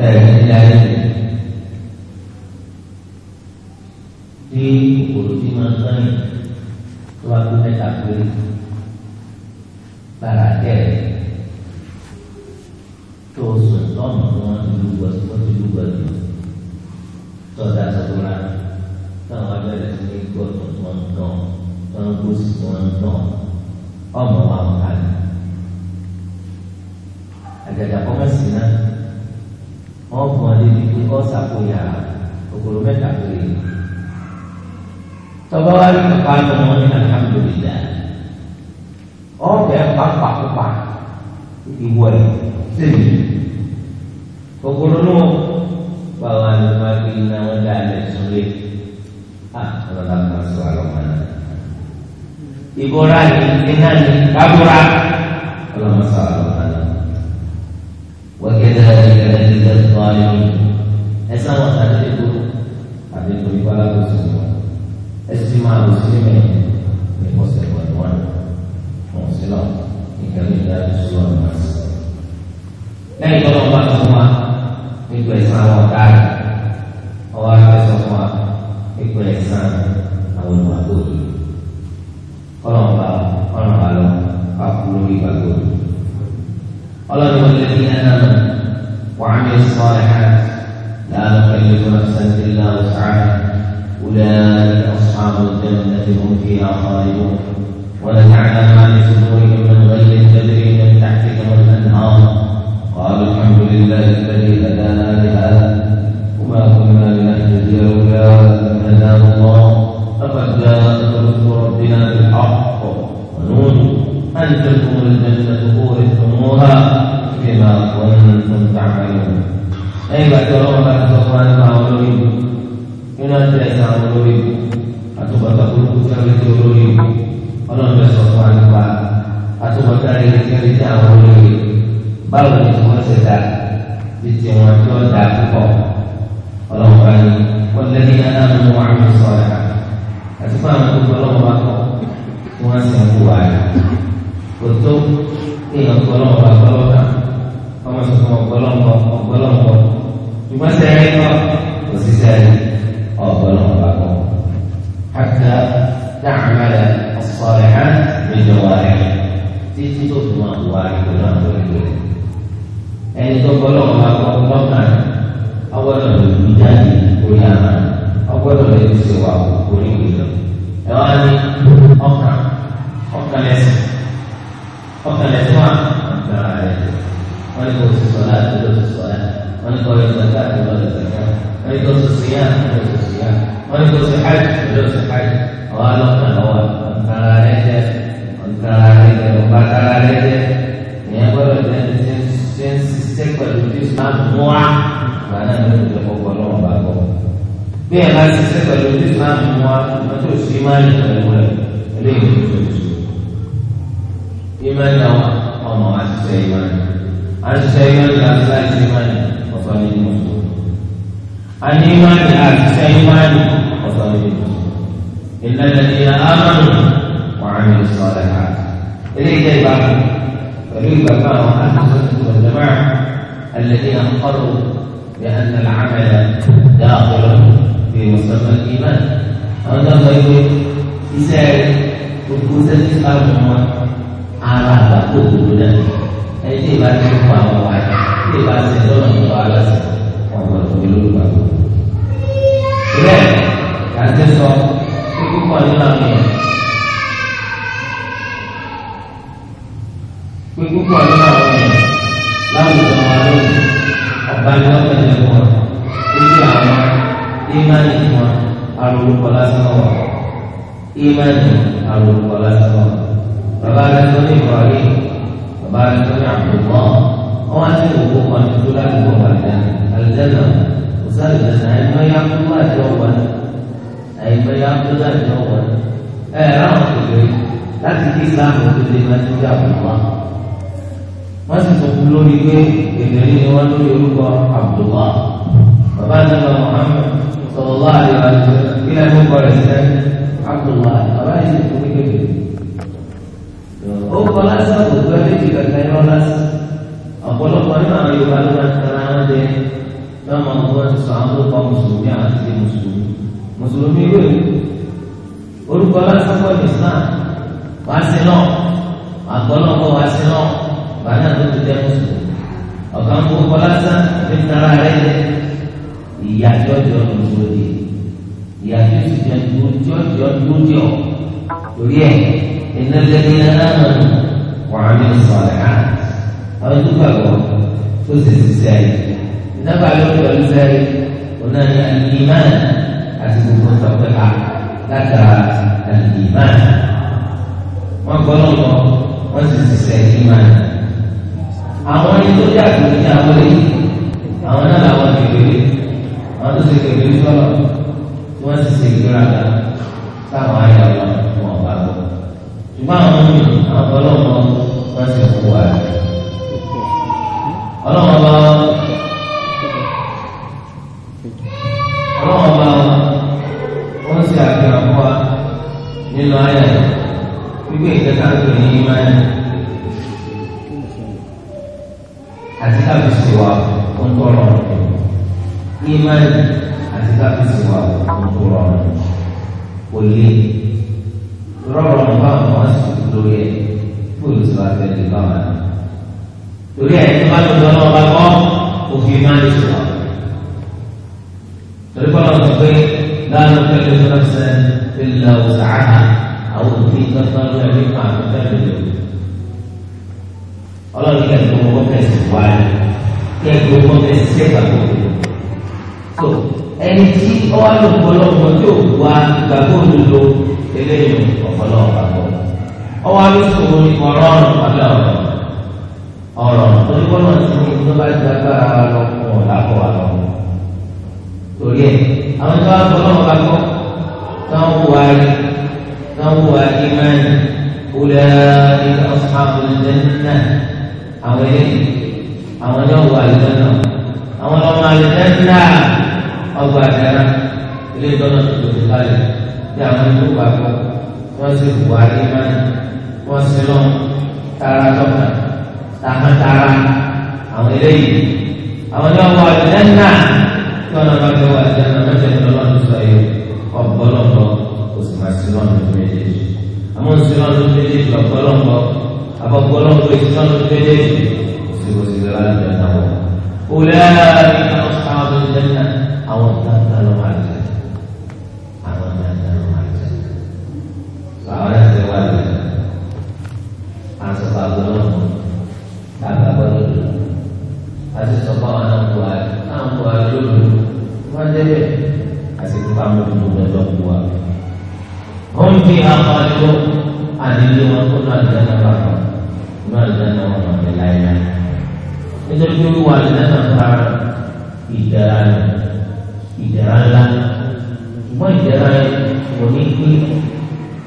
এই ইদাই তিন পুরুষ মানসানি Waktu saya tak beri Barakel Tosun Tom Tuan Tuan Tuan Tuan Tuan Tuan Tuan Tuan Tuan Tuan Tuan Tuan Tuan Tuan Tuan Tuan Tuan Ada Tuan Tuan Tuan Tuan Tuan Tuan Tuan Tuan การประมูลนั้นทำดีแล้วโอ้แต่ปักปักปักอีวันสิก็คุณรู้ว่าเราไม่ได้นำได้ในชีวิตอ่ะเราทำมาสวรรค์มาอีโบราณอีนี่นั่นกับโบราณเรามาสวรรค์มาว่าแค่ใดก็ได้ที่จะต้องไปเอสมาสัน是嘛，有些人没没好习惯，我我知道，你肯定在做什么事。那你做什么事吗？你鬼三我干，我啊在说话，你鬼三，那我嘛不理。可能吧，可能吧，咯，把苦力把苦力。好了，你们这些人呢，玩的是啥呢？لا تكلف نفسا الا وسعها اولئك أصحاب الجنة هم فيها خالدون ونجعل bali wote ni mmoja. Ikiwa imani kwa Abu Qalas wa imani Abu Qalas wa Baba Anthony wa Ali Baba Anthony Abdullah wa ni huko kwa tutula kwa baada aljanna usali na naima ya kuwa jawa naima ya kuwa jawa eh rahmatullahi lakini kisa mtu ni mtu ya Allah masih sepuluh ringgit yang dari awal dulu berupa Abdullah. Bapa Nabi Muhammad Sallallahu Alaihi Wasallam tidak mengkoreksi Abdullah. Bapa ini sepuluh ringgit. Oh, kalau saya berdua ini tidak saya ulas. Apa lo kau ni mahu ibarat macam mana deh? Nama Allah Sambo kaum Muslimnya asli Muslim. Muslim ni pun. Orang kalau sampai Islam, pasti no. Apa lo kau pasti no. Bahana tu setiap musuh. Orang buku kolasa Ini lah hari ini Ia jauh jauh muncul Ia jauh sejauh muncul Jauh muncul Kuliah Inna jadina aman Wa amin salihan Hal itu bago Khusus sisi Kita bago jauh sisi Kuna ni al-iman Asi bukan sabdekah Kata al-iman Maka Allah Khusus sisi iman àwọn ẹni tó jẹ́ àgbèrè ní abúlé àwọn náà làwọn kékeré àwọn tó ṣe kékeré sọ̀rọ̀ tí wọ́n sì ṣe ìgbéraga táwọn ayé àwọn wọn bá lọ. ṣùgbọ́n àwọn mi àwọn ọlọ́mọ wọn sì kú àti ìṣèwà ọ̀tọ̀ rọrùn ìmánì àti káfí ìṣèwà ọ̀tọ̀ rọrùn kò lè rọrùn báwọn wọn sì kú lórí ẹ fún ìṣèwà tẹ̀lé báwọn torí ẹ̀ tí wọ́n lọ́dọ̀ náà bá kọ́ òfin ìmánì ìṣèwà torí bọ́lá wọn pé láàrín pẹ̀lú ìfọ̀nàfẹ́sẹ̀ ìlà òsàánà àwọn òfin kankan lórí ẹ̀mí kan àti tẹ̀lé lórí. ọlọ́run kẹ́ ẹ̀kọ́ wọ́n tẹ̀sí wá ní kẹ́ ẹ̀kọ́ wọ́n tẹ̀sí sẹ́gbà tó kù. ẹni tí ọwọ́ ló pọlọ́pọ̀ tí ò wá gbàgbọ́ òdodo eléyìí ọ̀pọ̀lọpọ̀ àgbọ̀. ọwọ́ ló sọ̀rọ̀ ní ọ̀rọ̀ ọ̀rọ̀ ọ̀rọ̀ onígbọ́nà tí mo bá dágbára lọ́kùn ọ̀làkọ̀ àlọ́. torí ẹ̀ àwọn tó wá pọlọ́pọ̀ àgbọ̀ náà wà ní náà wà ní mẹ́rin أولئك أصحاب الجنة Awal ini Awalnya awal dana Awal awal dana Awal dana Jadi dana sudah berkali Jangan lupa Masih buat iman Masih lo Tara coba Tama tara Awal ini Awalnya awal dana Tuhan akan jawab dana Masih dana sudah iman Kau bolong lo Masih lo Masih lo Masih lo Masih lo Masih lo apa golong tu Islam tu beda ni sebab segala dan tahu ulai kita ashabu jannah awak tak tahu hari ni awak tak tahu hari ni sahaja sebab asal golong tu tak apa tu asal sebab anak buah, anak buah dulu macam ni asal kamu tu belum buat Hum fiha khalidun adillu wa kullu al-jannah Kita dulu lah. kan? ada tentang hidaran, idealan, cuma idealan memiliki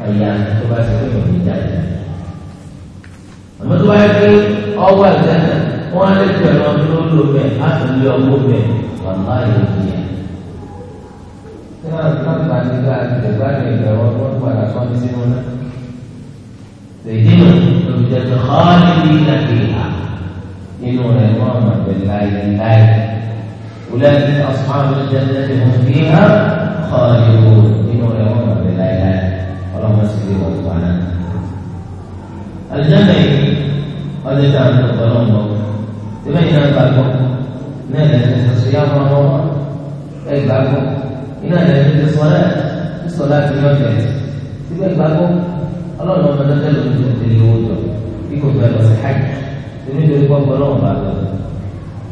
ayat pasti saya yang berbeda. Nomor dua lagi awal dan awal itu adalah dulu dan asal dia umumnya Allah yang dia. Kenal kan bandingkan dengan yang jawab pun pada kondisi mana? Jadi, kita berkhidmat di إنه لا يؤمن بالله الآية أولئك أصحاب الجنة هم فيها خالدون إنه لا يؤمن بالله الآية اللهم صل وسلم الجنة قد تعمل الظلام لما ينام بعضهم نال جنة صيام رمضان أي بعضهم ينال جنة الصلاة الصلاة في مكة تبقى بعضهم الله اللهم دخلوا في جنه اليهود في كتاب الصحيح ini jadi buat berong bagi.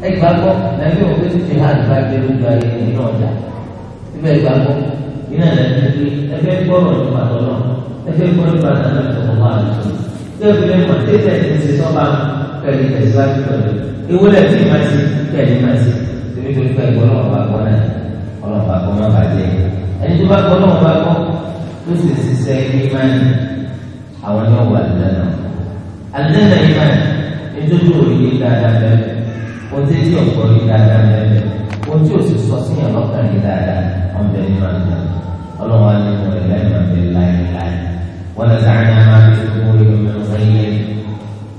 Eh bapa, nanti waktu itu jihad bagi rujuk ini ini aja. Ini bapa, ini ada jadi, tapi yang berong cuma berong, tapi yang berong pada nama Tuhan Allah. Jadi yang penting saya ini sesuatu kali kesuatu kali. Ini boleh di masjid, tidak di masjid. Ini boleh kali berong bapa nanti. Kalau bapa mana bagi. Ini cuma berong bapa. Terus disisai iman Awalnya wadzana Adzana iman nítorí òní ní dáadáa bẹ́ẹ̀ ohun tí tí ọ̀gbọ́n ní dáadáa bẹ́ẹ̀ ohun tí òsì sọ sí yàn lọ́kàn ní dáadáa wọn bẹ nínú àná ọlọ́wọ́ á nínú rẹ̀ láì máa bẹ láìláì wọn lọ sáà ní àwọn àti ìfowó yóò mẹ́rin wọ́n yẹ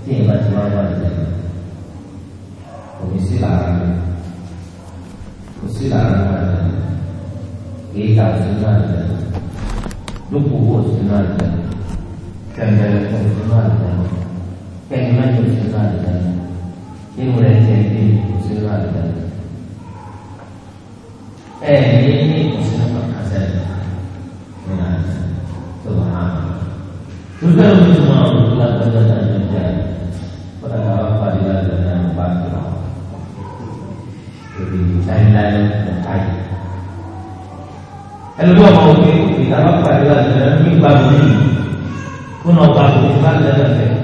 tí èèyàn bá ti máa wà nílẹ̀ òní sí làárá mi kò sí làárá mi àná èyí tà sí náà lẹ lókùú wò sí náà lẹ tẹ̀lé ẹ̀kọ́ sí náà lẹ. 概念慢就是乱的，因为人间并不是乱的。哎，因为不是那么看在的，嗯，是吧？就是为什么我们不能真正的理解，不能把把这个人呢把它搞，就是现在的状态。แต่เรื่องของคุณคือการรับการเรียนรู้มีความหมายคุณเอาความหมายมาเรียนรู้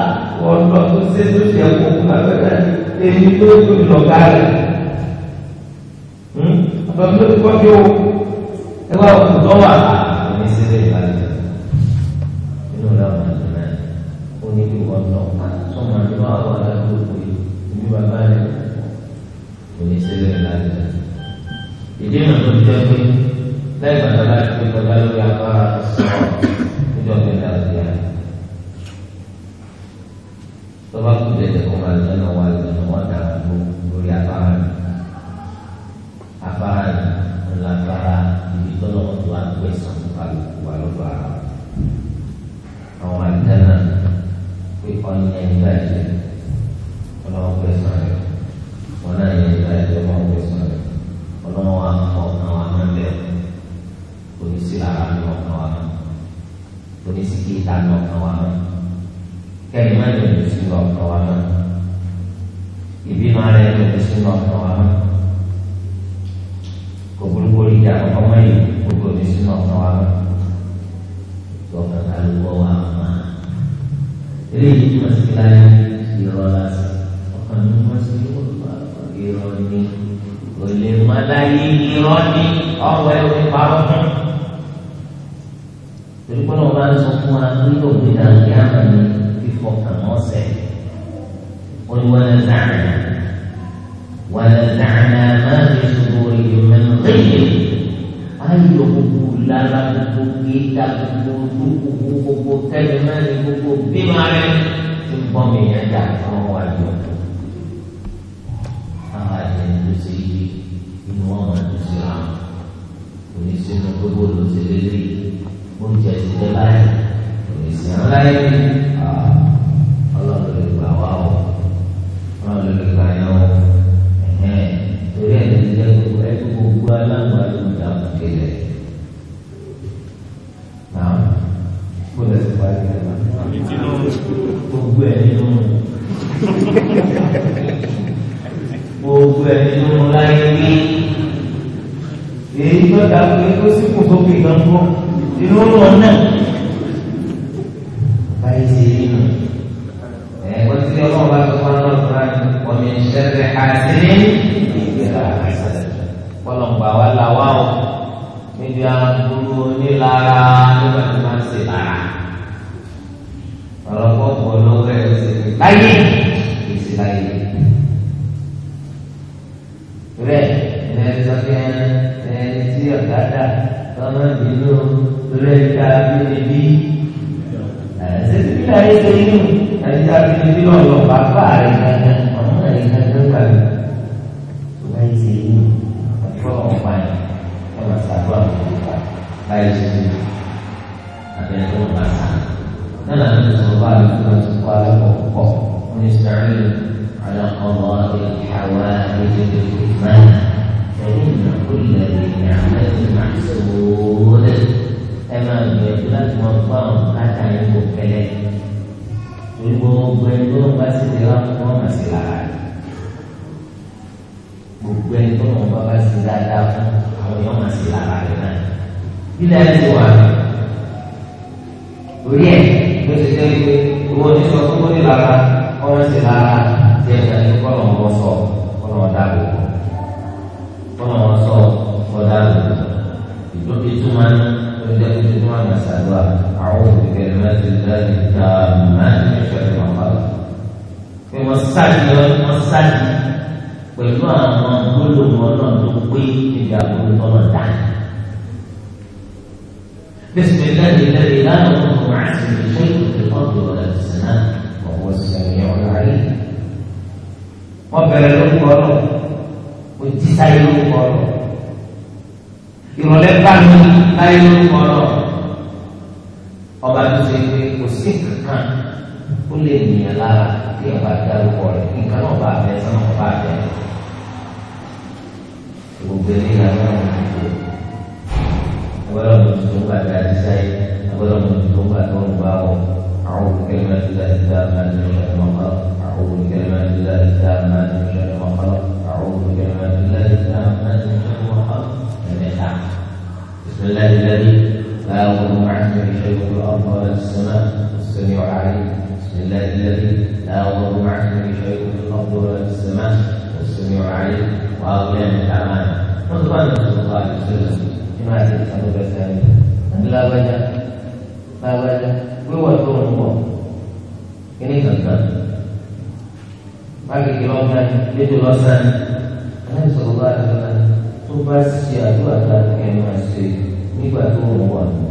wọ́n lọ tó ṣe tó ṣe kó bàbá náà èyí tó tó lọ gàrà bàbá mi tó kọ́ bí o ẹ wá òkú tó wà ní sílẹ̀ ìbàdàn nínú làwọn àgbà náà ó ní kí wọ́n lọ pa sọ́mọ ní wàá wà ládùúgbò yìí ní bàbá rẹ̀ kò ní sílẹ̀ ìbàdàn ìdí ìrìn tó jẹ́ pé lẹ́yìn bàbá láti fi bàbá lórí afárá sọ̀rọ̀ níjọ́ ìgbà ìgbà. Sebab tu dia tak kongal dan awal dan awal dah aku beri apa hal Apa hal Lantara Ini tolong Tuhan ku esam kali Walau barang Awal dan Ku ikon yang gaji kan? Kalau ku esam Mana yang gaji Mau ku esam Kalau mau aku mau ngambil Kunisi larang mau ngawal Kunisi kita mau ngawal Kan dari mana Yusuf Allah Ta'ala Ibi mana itu Yusuf Allah Ta'ala Kumpul-kumpul tidak mempunyai Kumpul Yusuf Allah Ta'ala Kau tak tahu bahwa Jadi ini masih kita yang Sirolas Bukan ini masih Bukan ini Boleh malah ini Ironi Awal ini Barangnya Jadi kalau orang semua itu tidak kiamat فوق الراسع قل ونزعنا ونزعنا ما في صدورهم من غل ayo buku larang buku kita buku buku buku buku kalimat buku bimarin sumpami ada orang wajib ada yang bersih inuang dan bersiram kondisi mengkebun sendiri menjadi lain kondisi yang lain gbogbo aláǹgbá ló ń dáhùn kélé náà kó lè ti parí ẹ̀ náà gbogbo ẹ̀ nínú gbogbo ẹ̀ nínú láyé ní èyí tó dàgbé tó sì kò tó fi gbàgbọ́ inú wọn náà. bawa lawau media dulu ini larang juga dengan si larang tidak ada jual I look for له معه شيء في الارض ولا في السماء السميع العليم بسم الله الذي لا يضر معه شيء في الارض ولا في السماء والسميع العليم واقيم الاعمال رضوان صلى الله عليه وسلم بما تذكر بثاني لا بد لا بد هو دون هو ini tentang pagi kilometer itu dosan Nabi Sallallahu Alaihi Wasallam tu pasti ada ada yang masih ni batu orang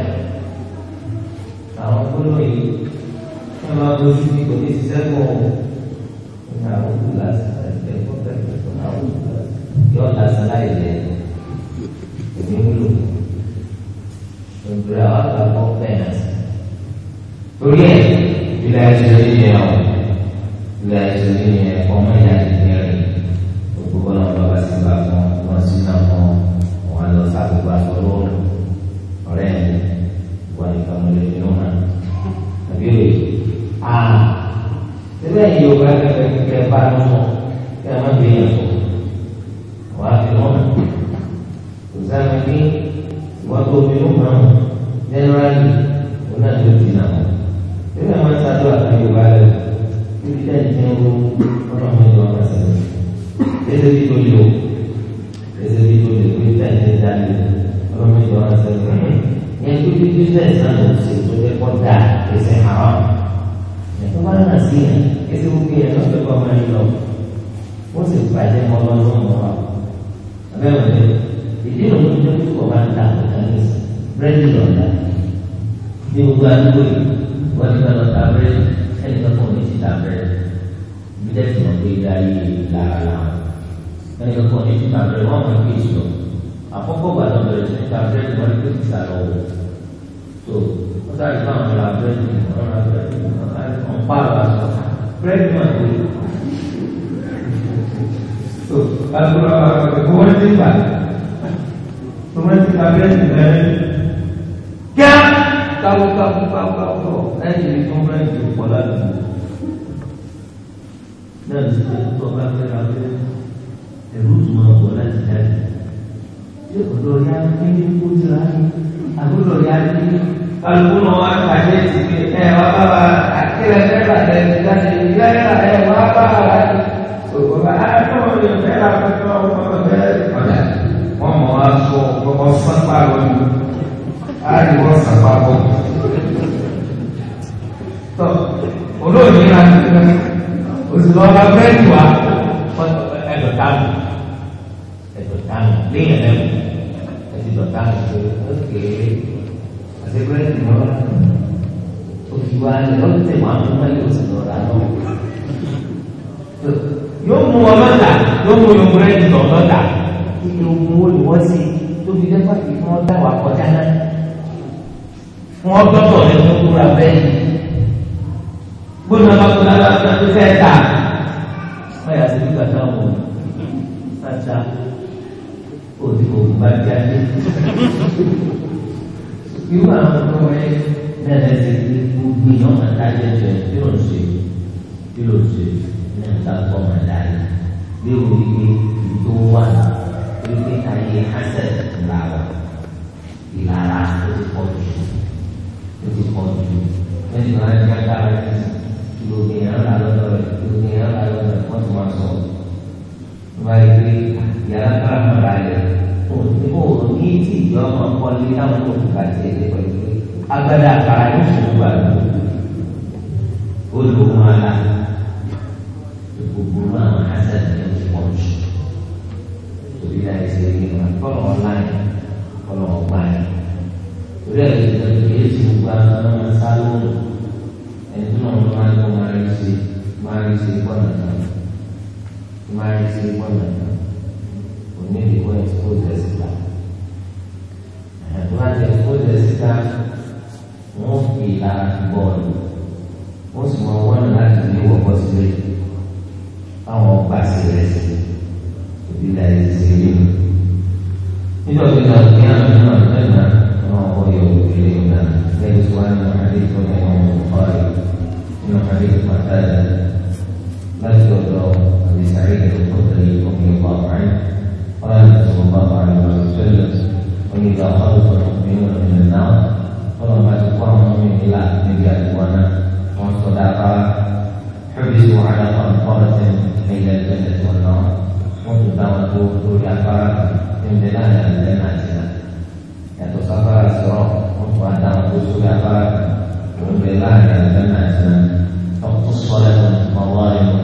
àwọn gbólóhùn yìí wọ́n máa lójú ní kò ní ṣiṣẹ́ pọ̀ ní àwọn òkú lásán ẹgbẹ́ kọ́kẹ́ tuntun àwọn òkú yọ lásán láì lẹ́ èmi wúlò òkúra wà lápọ̀ fẹ́ẹ̀ torí ẹ̀ ilé ẹ̀ṣẹ̀ yìí yẹn o ilé ẹ̀ṣẹ̀ yìí yẹn ọmọ ìyá ìdílé rẹ̀ gbogbo bọ́lá bàbá sí bá fún wọn kita mulai minuman Tapi Ah Tidak ada yoga yang ada kelepahan umum Kita mandi yang umum Wah minuman Usaha lagi Waktu minuman Dan lagi ada di nama Tidak ada satu akan yoga Itu kita jenis Orang menjual masa Dia jadi tujuh Dia jadi tujuh Kita jenis jenis Orang menjual masa Terima kasih yang tujuh-tujuh saya selalu bersih Untuk kontak ke SMA Itu mana nasihat ya? Kasi bukti yang nak berkata mani lo Masa lupa aja Mereka lo mau Apa yang berkata Jadi lo punya cukup bantah Berkata Berkata lo lah Di bukuan gue Buat kita lo tak berkata Kita lo punya cita berkata Bila cuma berkata Dari lara-lara Kita lo punya cita berkata Mereka punya cita berkata 啊，包括晚上的人，你想这些东西都起来了，就不再上去了，这些东西上来了，可能还是画了吧，不然怎么？就干脆了，不管几百，不管几百，别人怎么干，干不干不干不干不，那你们从那里回来的？那你做饭这两天，哎，如什么回来几天？lórí akéwì kó jìlá ni àbí lórí akéwì kálukú náà wá pàdé ìsìnkú ẹ wá bá wa àkérè ẹgbẹ́ àtẹnudẹ láti ìgbà ẹgbà ẹ wá bá wa òkò bá a tó wọn yóò fẹ́ ra pẹ̀lú ọmọ ọ̀fẹ́ ọ̀dà wọn mọ̀ wá sọ ọ̀pọ̀ sápá lọ́nu àríwọ̀ sápá bọ̀. tọ́ olóòjì náà ti fẹ́ oṣù lọ́wọ́ bá fẹ́ jù wá ẹ̀dọ̀ àmì léyìn lẹ́nu ẹ ti dọ̀tà mi pé ó kéé àtẹ̀gbẹ́rẹ́ ti lọ́wọ́ ó fi wá ní ó tẹ̀ wọ́n àmì wọ́n yóò ti lọ́ra lọ́wọ́. yóò mú ọ lọ́tà yóò mú yóò mú rẹ̀ ti lọ́ lọ́tà kí ni ó mú olùwọ́ sí tó fi dẹ́pà kí wọ́n dá wà kọjá náà wọ́n gbọ́dọ̀ lè Oh diumbatkan Iwa mengkore Nerezeki Bino mentaja jen Tionsi Tionsi Yang tak komandai Dia ini Tuan Ini tayi hasil Lawa Dilarang Itu poju Itu poju Jadi orang yang tahu Dunia lalu Dunia lalu Dunia lalu Dunia lalu Dunia lalu yang telah meraya untuk ini dia mempunyai untuk kaji depan itu agar dakaran semua guru mana guru mana hasil yang sponsor jadi dari sini kalau online kalau online sudah kita pikir semua masalah itu nomor mana mari si mari si pun ada si pun mukmin di bulan sepuluh dari sekarang. Nah, eh, Tuhan yang sepuluh dari sekarang mukila bon. Mus mahu dengan jiwa positif. Tahu pasti resmi. Jadi dari sini. Itu kita lihat benar-benar Thank you. قال صلى الله عليه وسلم وإذا خرج المؤمنون من النار فلما تقام من إلى رجالنا والصداقة حبسوا على قنطرة بين الجنة والنار والصداقة تجاهر من دلالة الجنة yaitu safar sirot untuk anda usul apa pembelaan dan jenazah waktu sholat mawalim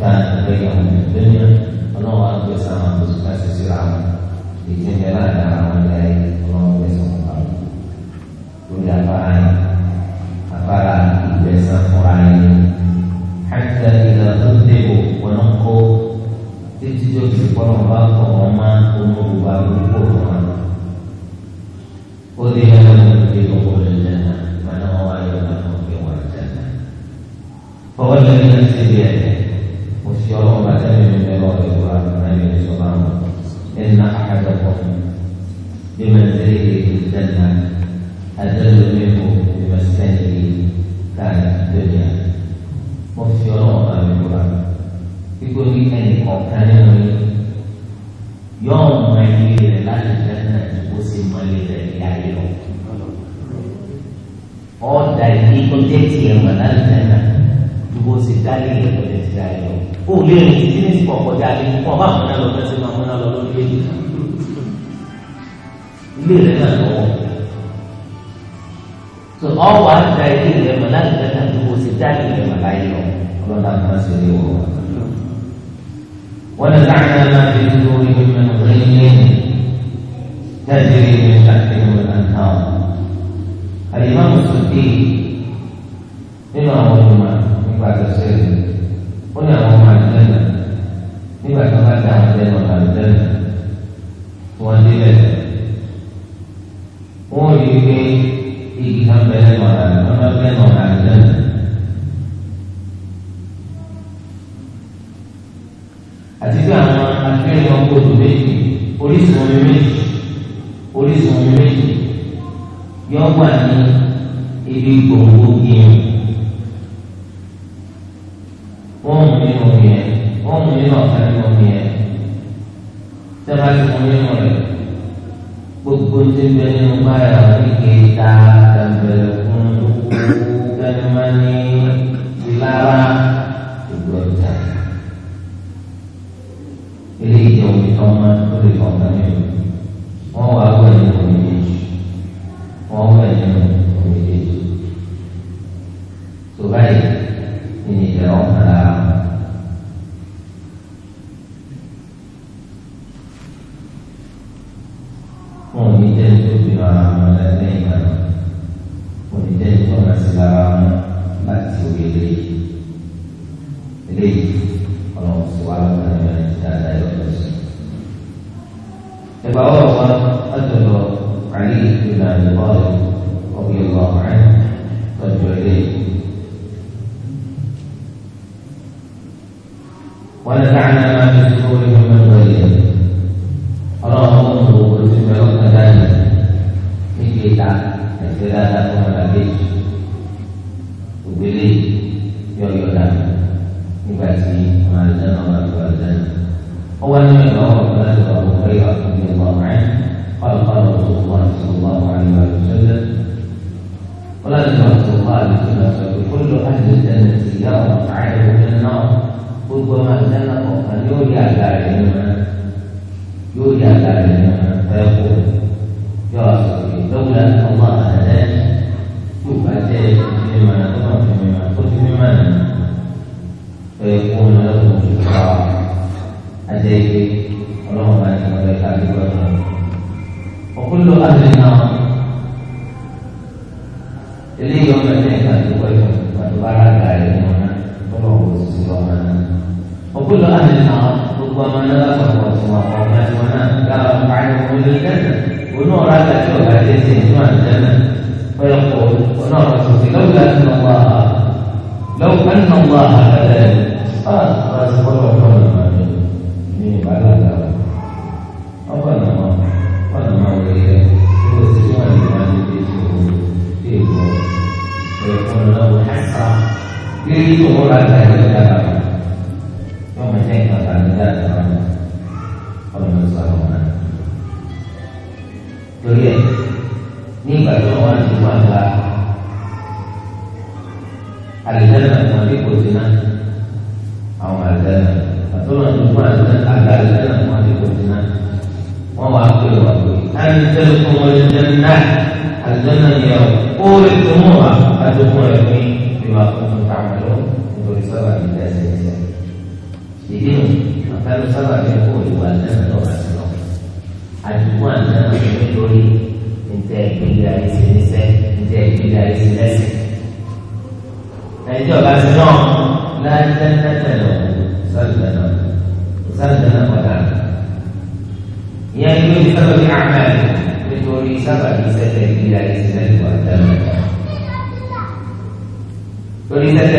dan berikan dunia Menolak bersama berbuka sesiram di jendela dan memulai kolom biasa mengkau. Kudapan aparan biasa orang ini hatta tidak tertibu menungku tiada sepanjang waktu memang umur baru itu orang. Kudian tertibu berjalan mana awal yang aku kewal jalan. Pada dengan sedia, musyawarah dan memulai عليه السلام إن أحدكم بمنزله في الجنة أدل منه بمسكنه كانت الدنيا مفتي ọlọ́run bá mi wá ipò ní ẹnì kọ̀ọ̀kan nínú yín yóò mọ ẹni rẹ̀ láti dáná tí kò sí mọ́lẹ̀ rẹ̀ ní ayé lọ. ọ̀dà ìdí kó jẹ́ tiẹ̀ mọ̀ láti dáná tí kò sí dálé rẹ̀ kò jẹ́ tiẹ̀ ayé lọ. Oh dia ni, di sini si popo jadi si popo bang mana lalu si mama mana lalu dia ni. Dia ni kan oh. So awal saya ni dia mana dia kan tu si jadi dia makai lo. Kalau tak mana si dia oh. Wanazana nabi itu ibu mana beriin dan diri mereka tidak tahu. Alimah Musyrik, Imam Muhammad, Imam Tersebut, 我俩我买一件的，你买三百加一件，我买一件。mulai-mulai Bukul timbeli upaya Kita dan berkumpul Dan mani Dilarang Juga jatuh Ini yang kita Mereka Mereka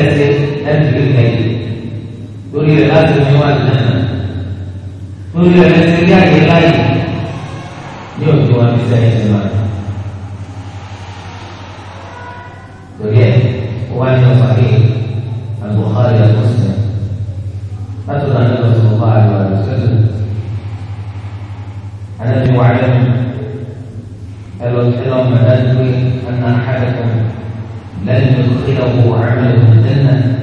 لازم أنت بالكيد تقول لي لازم يوازن قل لي لازم يعني غير يوم جوان بزاي زمان وليه وأنه صحيح البخاري ومسلم أتوا النبي صلى الله عليه وسلم عن أبي وعلم قالوا لهم أن أحدكم لن يدخله عمله الجنة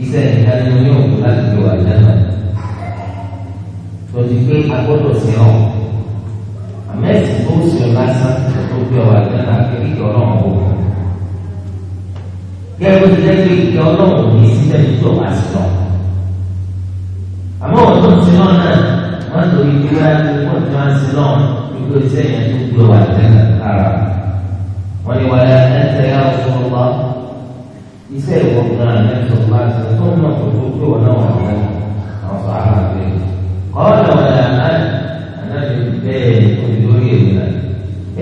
إذا كان يوم wọn yóò kú láti fi wà lẹ́nà tó ti pé agbọ́dọ̀ sí ọ àmẹ́sì tó sì ọ lásán tó gbé ọ wà lẹ́nà kékeré ọlọ́run wò ó kí ẹgbẹ́ ti lẹ́gbẹ́ ìkẹ́ ọlọ́run ní síbẹ̀ tó wà sí lọ. àmọ́ wọn tó ń sin náà náà wọ́n torí pé wọ́n ti máa ń sin nígbà iṣẹ́ yẹn tó gbé ọ wà lẹ́nà rárá. wọ́n ní wàlẹ́ ẹ̀ńtẹ̀ yà ọ̀ṣun lọ. iṣẹ́ ìwọ gan an ẹ̀ńtẹ̀ ọ̀la ṣe tó ń mọ̀ tó pé wọn náà wà wọ́n àwọn sọ ara rẹ̀. kọ́ọ̀dọ̀ wàlẹ́ anáàlì bẹ́ẹ̀ olórí èyí náà.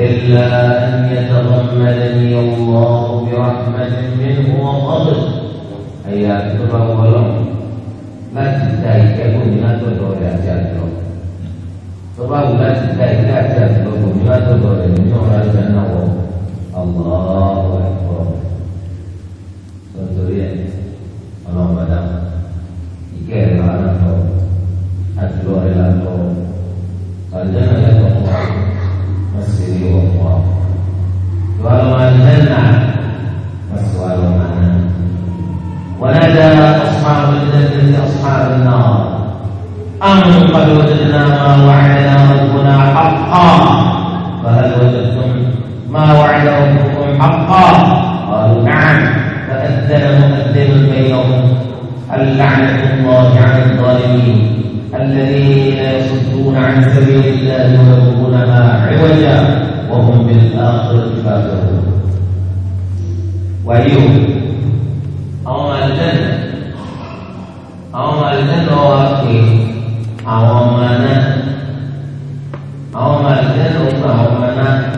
إلا أن يتضمنني الله برحمة منه وفضل أي أكبر ولم لا تدعي كبير من تدعو يا جاتو فبعض لا تدعي كبير من تدعو يا جاتو الله أكبر Contohnya Orang pada Ikai adalah kau Hajru adalah kau Kerjaan adalah kau Masih di Allah Walau al-jannah Masih walau mana ونادى أصحاب الجنة أصحاب النار أن قد وجدنا ما وعدنا ربنا حقا فهل وجدتم ما وعد ربكم حقا قالوا نعم فأذن مؤذن بينهم اللعنة الله على الظالمين الذين يصدون عن سبيل الله ويبغونها عوجا وهم بالآخرة كافرون وأيوب أو الجنة أو الجنة وأخيه أو مانا أو الجنة وأخيه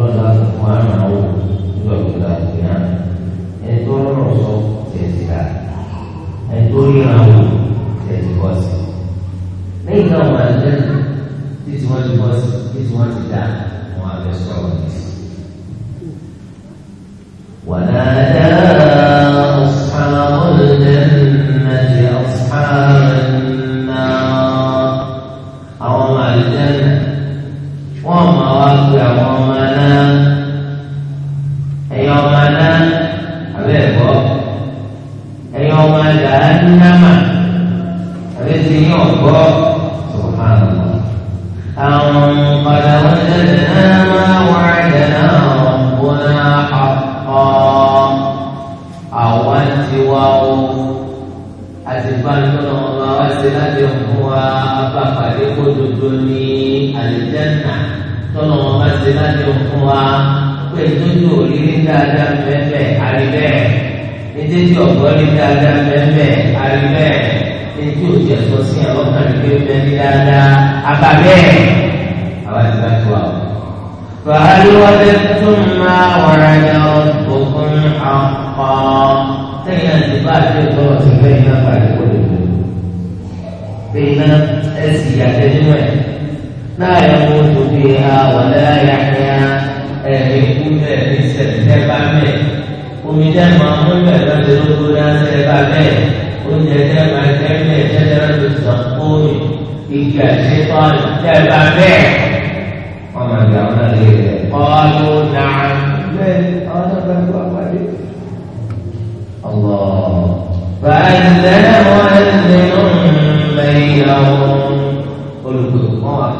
Allah'a ṣe láti fún wa pé tójú òrírí dáadáa bẹ́ẹ̀ àrí bẹ́ẹ̀ ètètè ọ̀gọ́rí dáadáa bẹ́ẹ̀ àrí bẹ́ẹ̀ ètè òjì ẹ̀sọ́ sí àwọn kàlùkù bẹ́ẹ̀ dáadáa abá bẹ́ẹ̀ àwa ti bá tó wa. فهل وجدتم ما وعد ربكم حقا تينا انتقال في الدرس بين فرق كل بين السياسة جمعين لا يموت فيها ولا يحيا يكون سببا omi tẹ mọ ọmọ bẹ́ẹ̀ bá ti rúgbó náà tẹ bá bẹ́ẹ̀ oúnjẹ tẹ máa tẹ bẹ́ẹ̀ tẹlẹ bá ti sọ fóònù ìgbà tí wọn tẹ bá bẹ́ẹ̀ ọmọ ìyá wọn lè rẹ ọlù náà bẹ́ẹ̀ ọdún bẹ́ẹ̀ bá wà dé. ọlọ báyìí lẹ́nu wọn lè nínú mẹ́yàwó olùkọ́ wọn wà.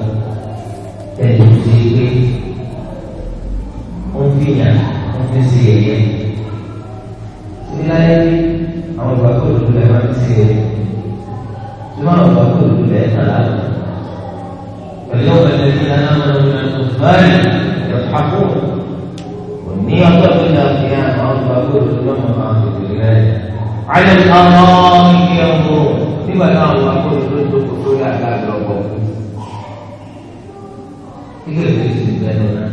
Allah yang tahu, tiba-tiba Allah pun tutup kuliah dan berubah. 一个月时间都能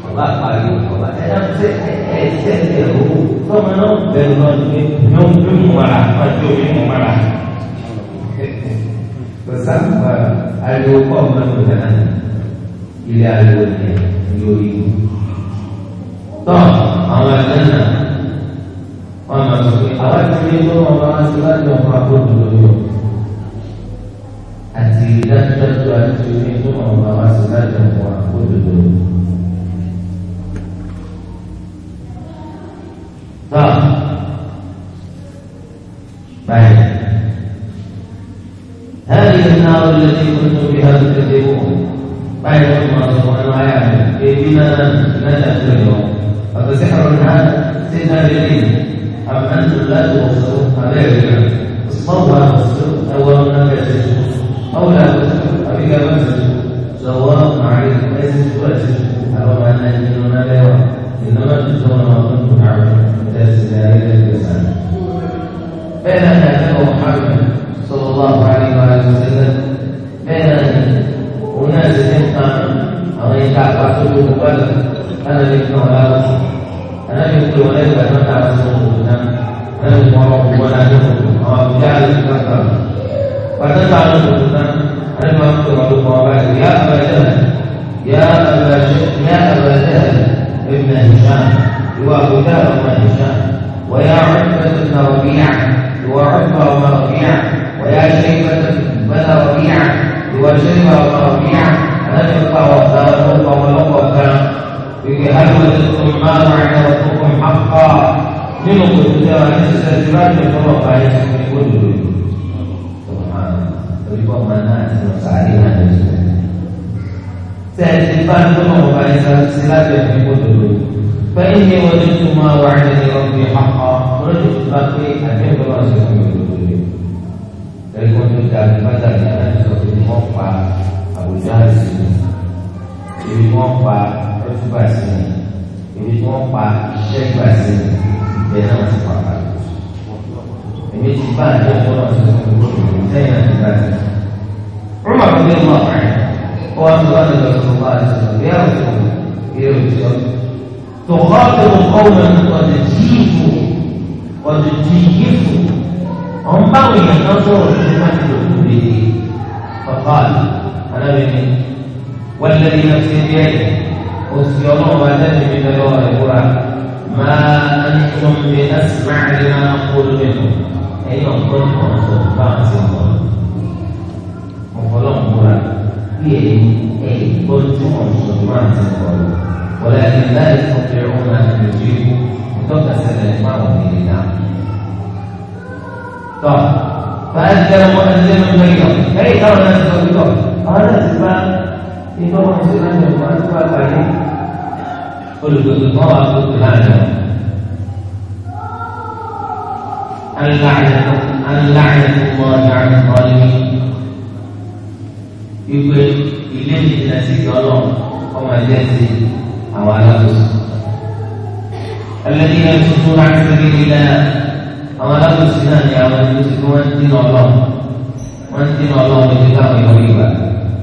好办法就好办，哎呀，这哎这这这不，他们那那那那不用不用嘛啦，啊就不用嘛啦。这三块，还有我们那个呢，一两六年有一个，到他们那呢，他们说，他们这边说他们那个地方不怎么用。àti dájúdájú àti ní tó máa bá wá sí láti àwọn àkójọpọ̀. Tọ́ báyìí. هذه النار التي كنتم بها تكذبون بعد ما سبحانه وتعالى بما ماذا تكذبون أفسحر هذا سحر الدين أم أنتم لا تبصرون هذا يجب اصطوى أو أنك تشكون أو لا فبك مسجد سواء عليه ليست واجب أو معنى أننا لا يرى إنما تجزون ما كنتم تعملون درس ذلك الإنسان بين أن محمد صلى الله عليه وآله وسلم بين أن أناس يمكن أن يتعبطوا بقبل أنا يمكن أن أنا يمكن أن يبقى أنا تعبطوا بقبل أنا يمكن أن يبقى أنا أنا يمكن أن يبقى وتدفع نفسنا عن الوقت ربما بعد يا أبا جهل يا أبا يا أبا جهل ابن هشام يوافق ابن هشام ويا عتبة بن ربيع وعتبة بن ربيع ويا شيبة بن ربيع وشيبة بن ربيع أن يلقى وفاء يلقى ويلقى به هل وجدتم ما معنى ربكم حقا منكم إذا أنزل سبات الفرق عليكم كله Jadi bagaimana cara keadilan Saya simpan itu mengubahnya salah dulu Fa'ini wa tuntuma wa'adani rabbi haqqa Merujuk sebabnya ada yang berlaku sebuah yang dulu Dari kondisi dari pasarnya ada sesuatu yang mokpa Abu Jahri sini Ini mokpa Rujubah sini Ini mokpa Syekhbah sini Dia nama méjì báyìí ló tọ́lá sí lẹ́yìn àti báyìí. Rúmà ló ní ọmọ àpáyé, ó wá tó wá lè lọ sọ wá àti sọ bí àwọn ọmọ ìyẹn ò sọ. Tòkọ́tò ọ̀nà ọ̀dẹ̀ tí ìfò ọ̀dẹ̀ tí ìfò ọ̀n bá òyìn kan sọ̀rọ̀ sí láti lò fún bèbè. Bàbá àlàyé ni wọ́n lé ní ọtí bí ẹ̀yẹ, òsì ọlọ́run adẹ́sẹ̀ mi lọ́wọ́ ẹ̀kúra. ما أنتم بأسمع لما نقول منكم أي أيوة، أقول لكم بعض وقلهم هنا أي كنتم مسلمان ولكن لا يستطيعون أن يجيبوا مقدس الإمام بنا طب فأنزل مؤذن بينهم كيف نزل بكم؟ قال اسمع إنه مسلمان وأسمع عليه والقراءة هذا اللعنة اللعنة الله على الظالمين wípé ilé ìjìnlẹ̀ sí ìtọ́lọ̀ ọmọ ẹ̀jẹ̀ sí àwọn alákòóso. ẹlẹ́ni náà tún fún láti ṣe kékeré náà àwọn alákòóso náà ni àwọn ẹni tó ti fi wọ́n ń dín ọlọ́run wọ́n ń dín ọlọ́run ní káwọn ìlú ìgbà.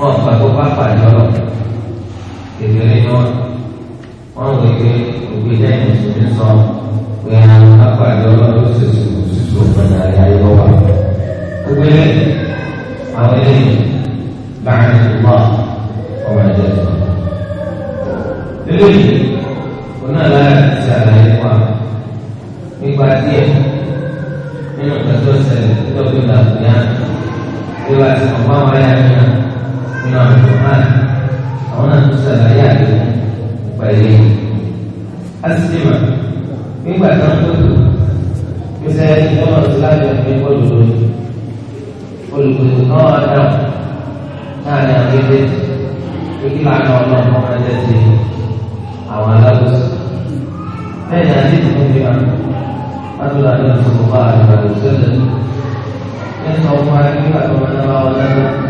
Oh, patok apa ni kalau? Ya. Kita ni orang, orang kita ubi jenis macam so, yang apa jualan tu susu susu pada hari bawah. Ubi ni, apa ni? Bagi Allah, apa ni? Jadi, mana lah cara ini apa? Ini pasti, ini betul saya tidak pernah dengar. Ia semua yang Imam Jumat Orang susah layak tu Baik Aslima Ini buat orang tu tu Misalnya si Tuhan selalu yang dia pun dulu Kulukul Tuhan ada Tak ada yang dia Pergi lah kau Allah Mohon aja si Awal harus Saya nanti kemungkinan Adalah yang semua Yang harus Yang semua ini Tak kemana-mana Tak kemana-mana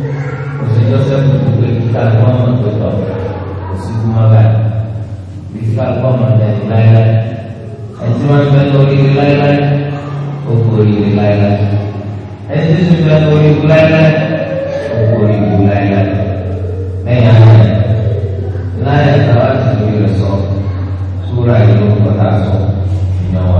òṣèjọ́ sẹ́kù tó pé kíkà lọ́mọ tó tọ̀ kò sí kú má báyìí bí kíkà lọ́mọ lẹ́yìn láéláé ẹni tí wọ́n fẹ́ lórí láéláé ó kò rí láéláé ẹni tí wọ́n fẹ́ lórí láéláé ó kò rí láéláé lẹ́yìn àná láyé àtàwọn àti ìlú rẹ̀ sọ súra ìlú kọ́tà sọ ìyàwó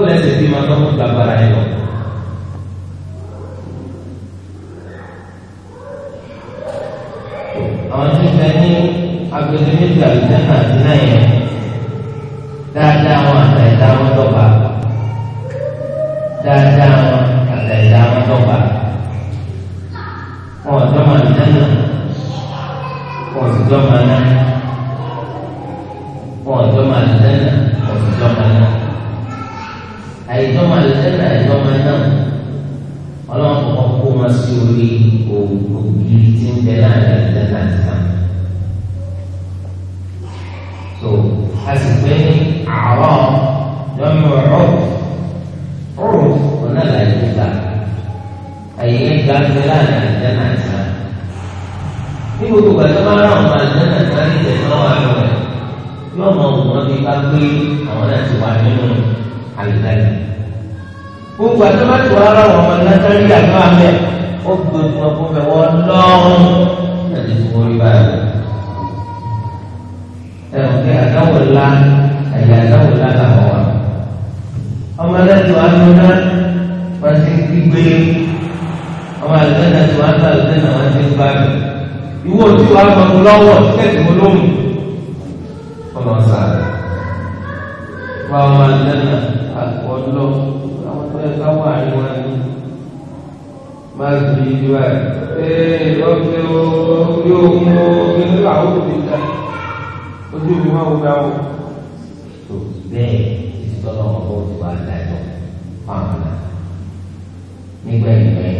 Boleh jadi macam gambaran itu. Awak ni jadi aku jadi jadi jangan jinai. Dah jangan, dah jangan coba. Dah jangan, dah jangan coba. Oh, zaman jana. Oh, zaman. Oh, zaman jana. Oh, zaman. Oh, Ay yom al jana ay yom al masih Alam ko pa ko mas yuri ko ko bilisin dela ay dela sa. So hasipin araw yom yurot urot ko na lang ita. Ay yun dela dela sa. Ibu tu kata mana orang jana jana ni jadi orang apa? Yom mau mengikuti awak nak cuba ni mana? Al-Zani Kumpa cuma suara Waman Nasa dia oh, Kau ambil Kumpa cuma kumpa Wallah Jadi semua ribad Saya mungkin akan ulang Saya akan ulang lah orang tu Tuhan Tuhan Masih tiba Amalan Tuhan Tuhan Masih tiba Iwo Tuhan Mengulau Sekarang Mengulau Pemasaran Wa amalan Tuhan àgbọ̀ lọ àwọn tó yẹ káwọn àríwá ni máa fi ìdíwà ẹ̀ ọ̀gbẹ́ yóò mú omi nígbà ó ti ta ojú mi máa wọ gbà wọ. tó bẹ́ẹ̀ ìsọlọ́mọ bó ti wà láìpọ̀ fáwọn náà nígbà ìgbà yẹn.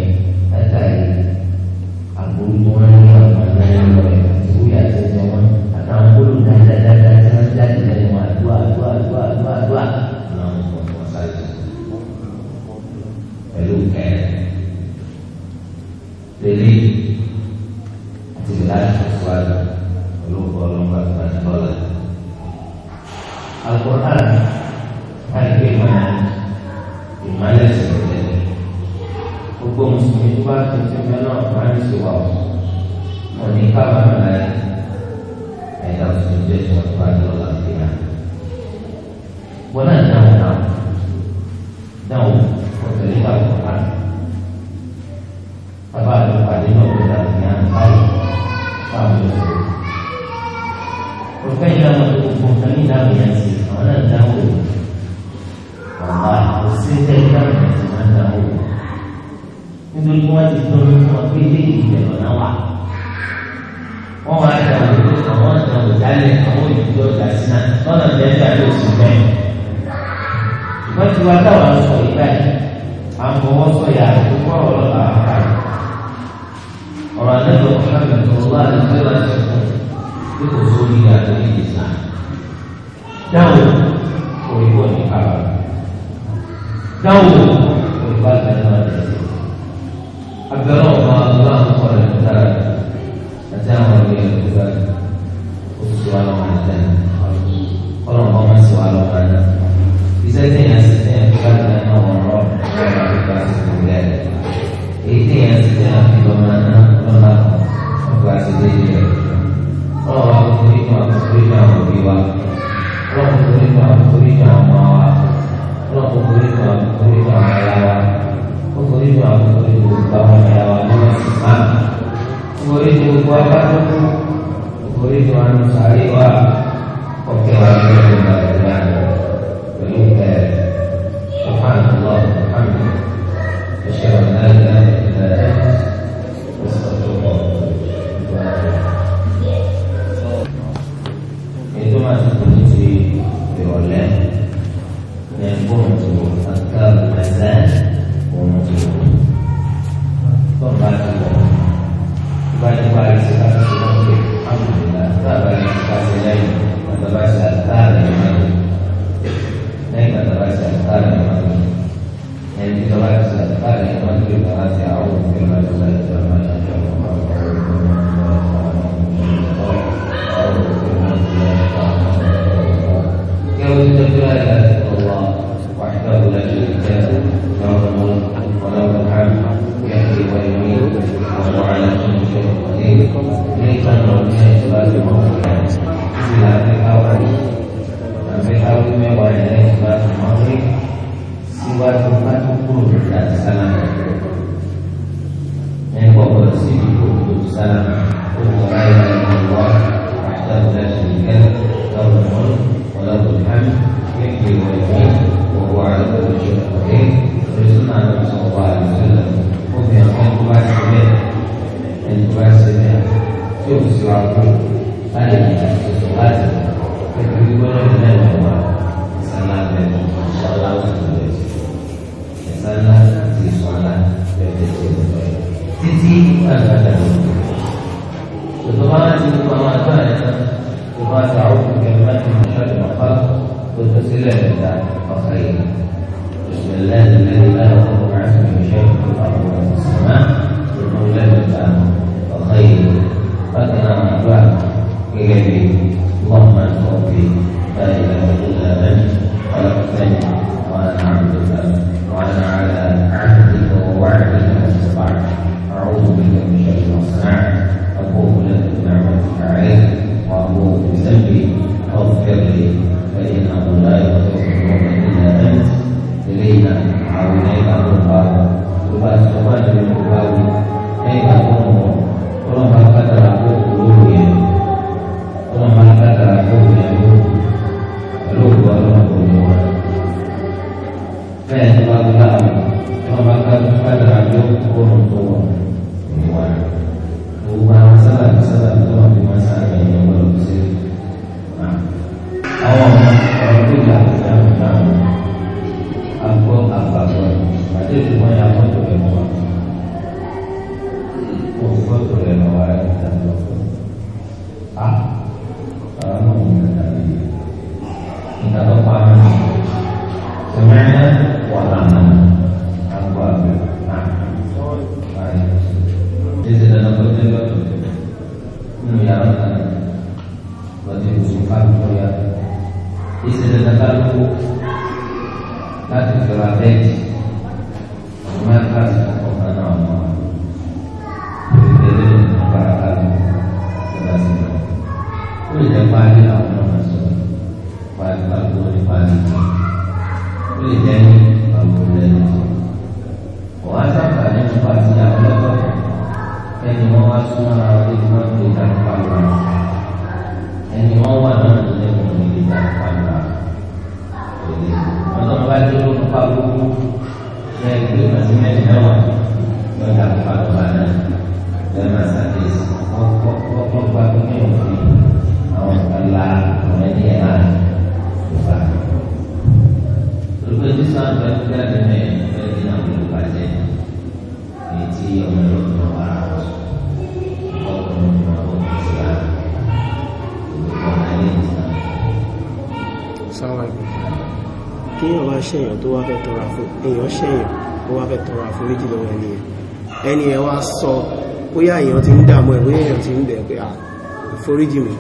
foríjì mi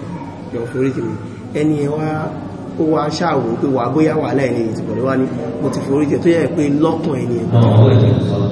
jọ foríjì mi ẹni ẹ wá ó wá ṣáàwó pé wà bóyá wà láì ní ìtìbọ̀ ló wá ní mo ti foríjì tó yẹ pé lọ́kàn ẹni ẹ mo ti foríjì mi.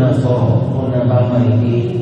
นาโซคนนาบามาอิติ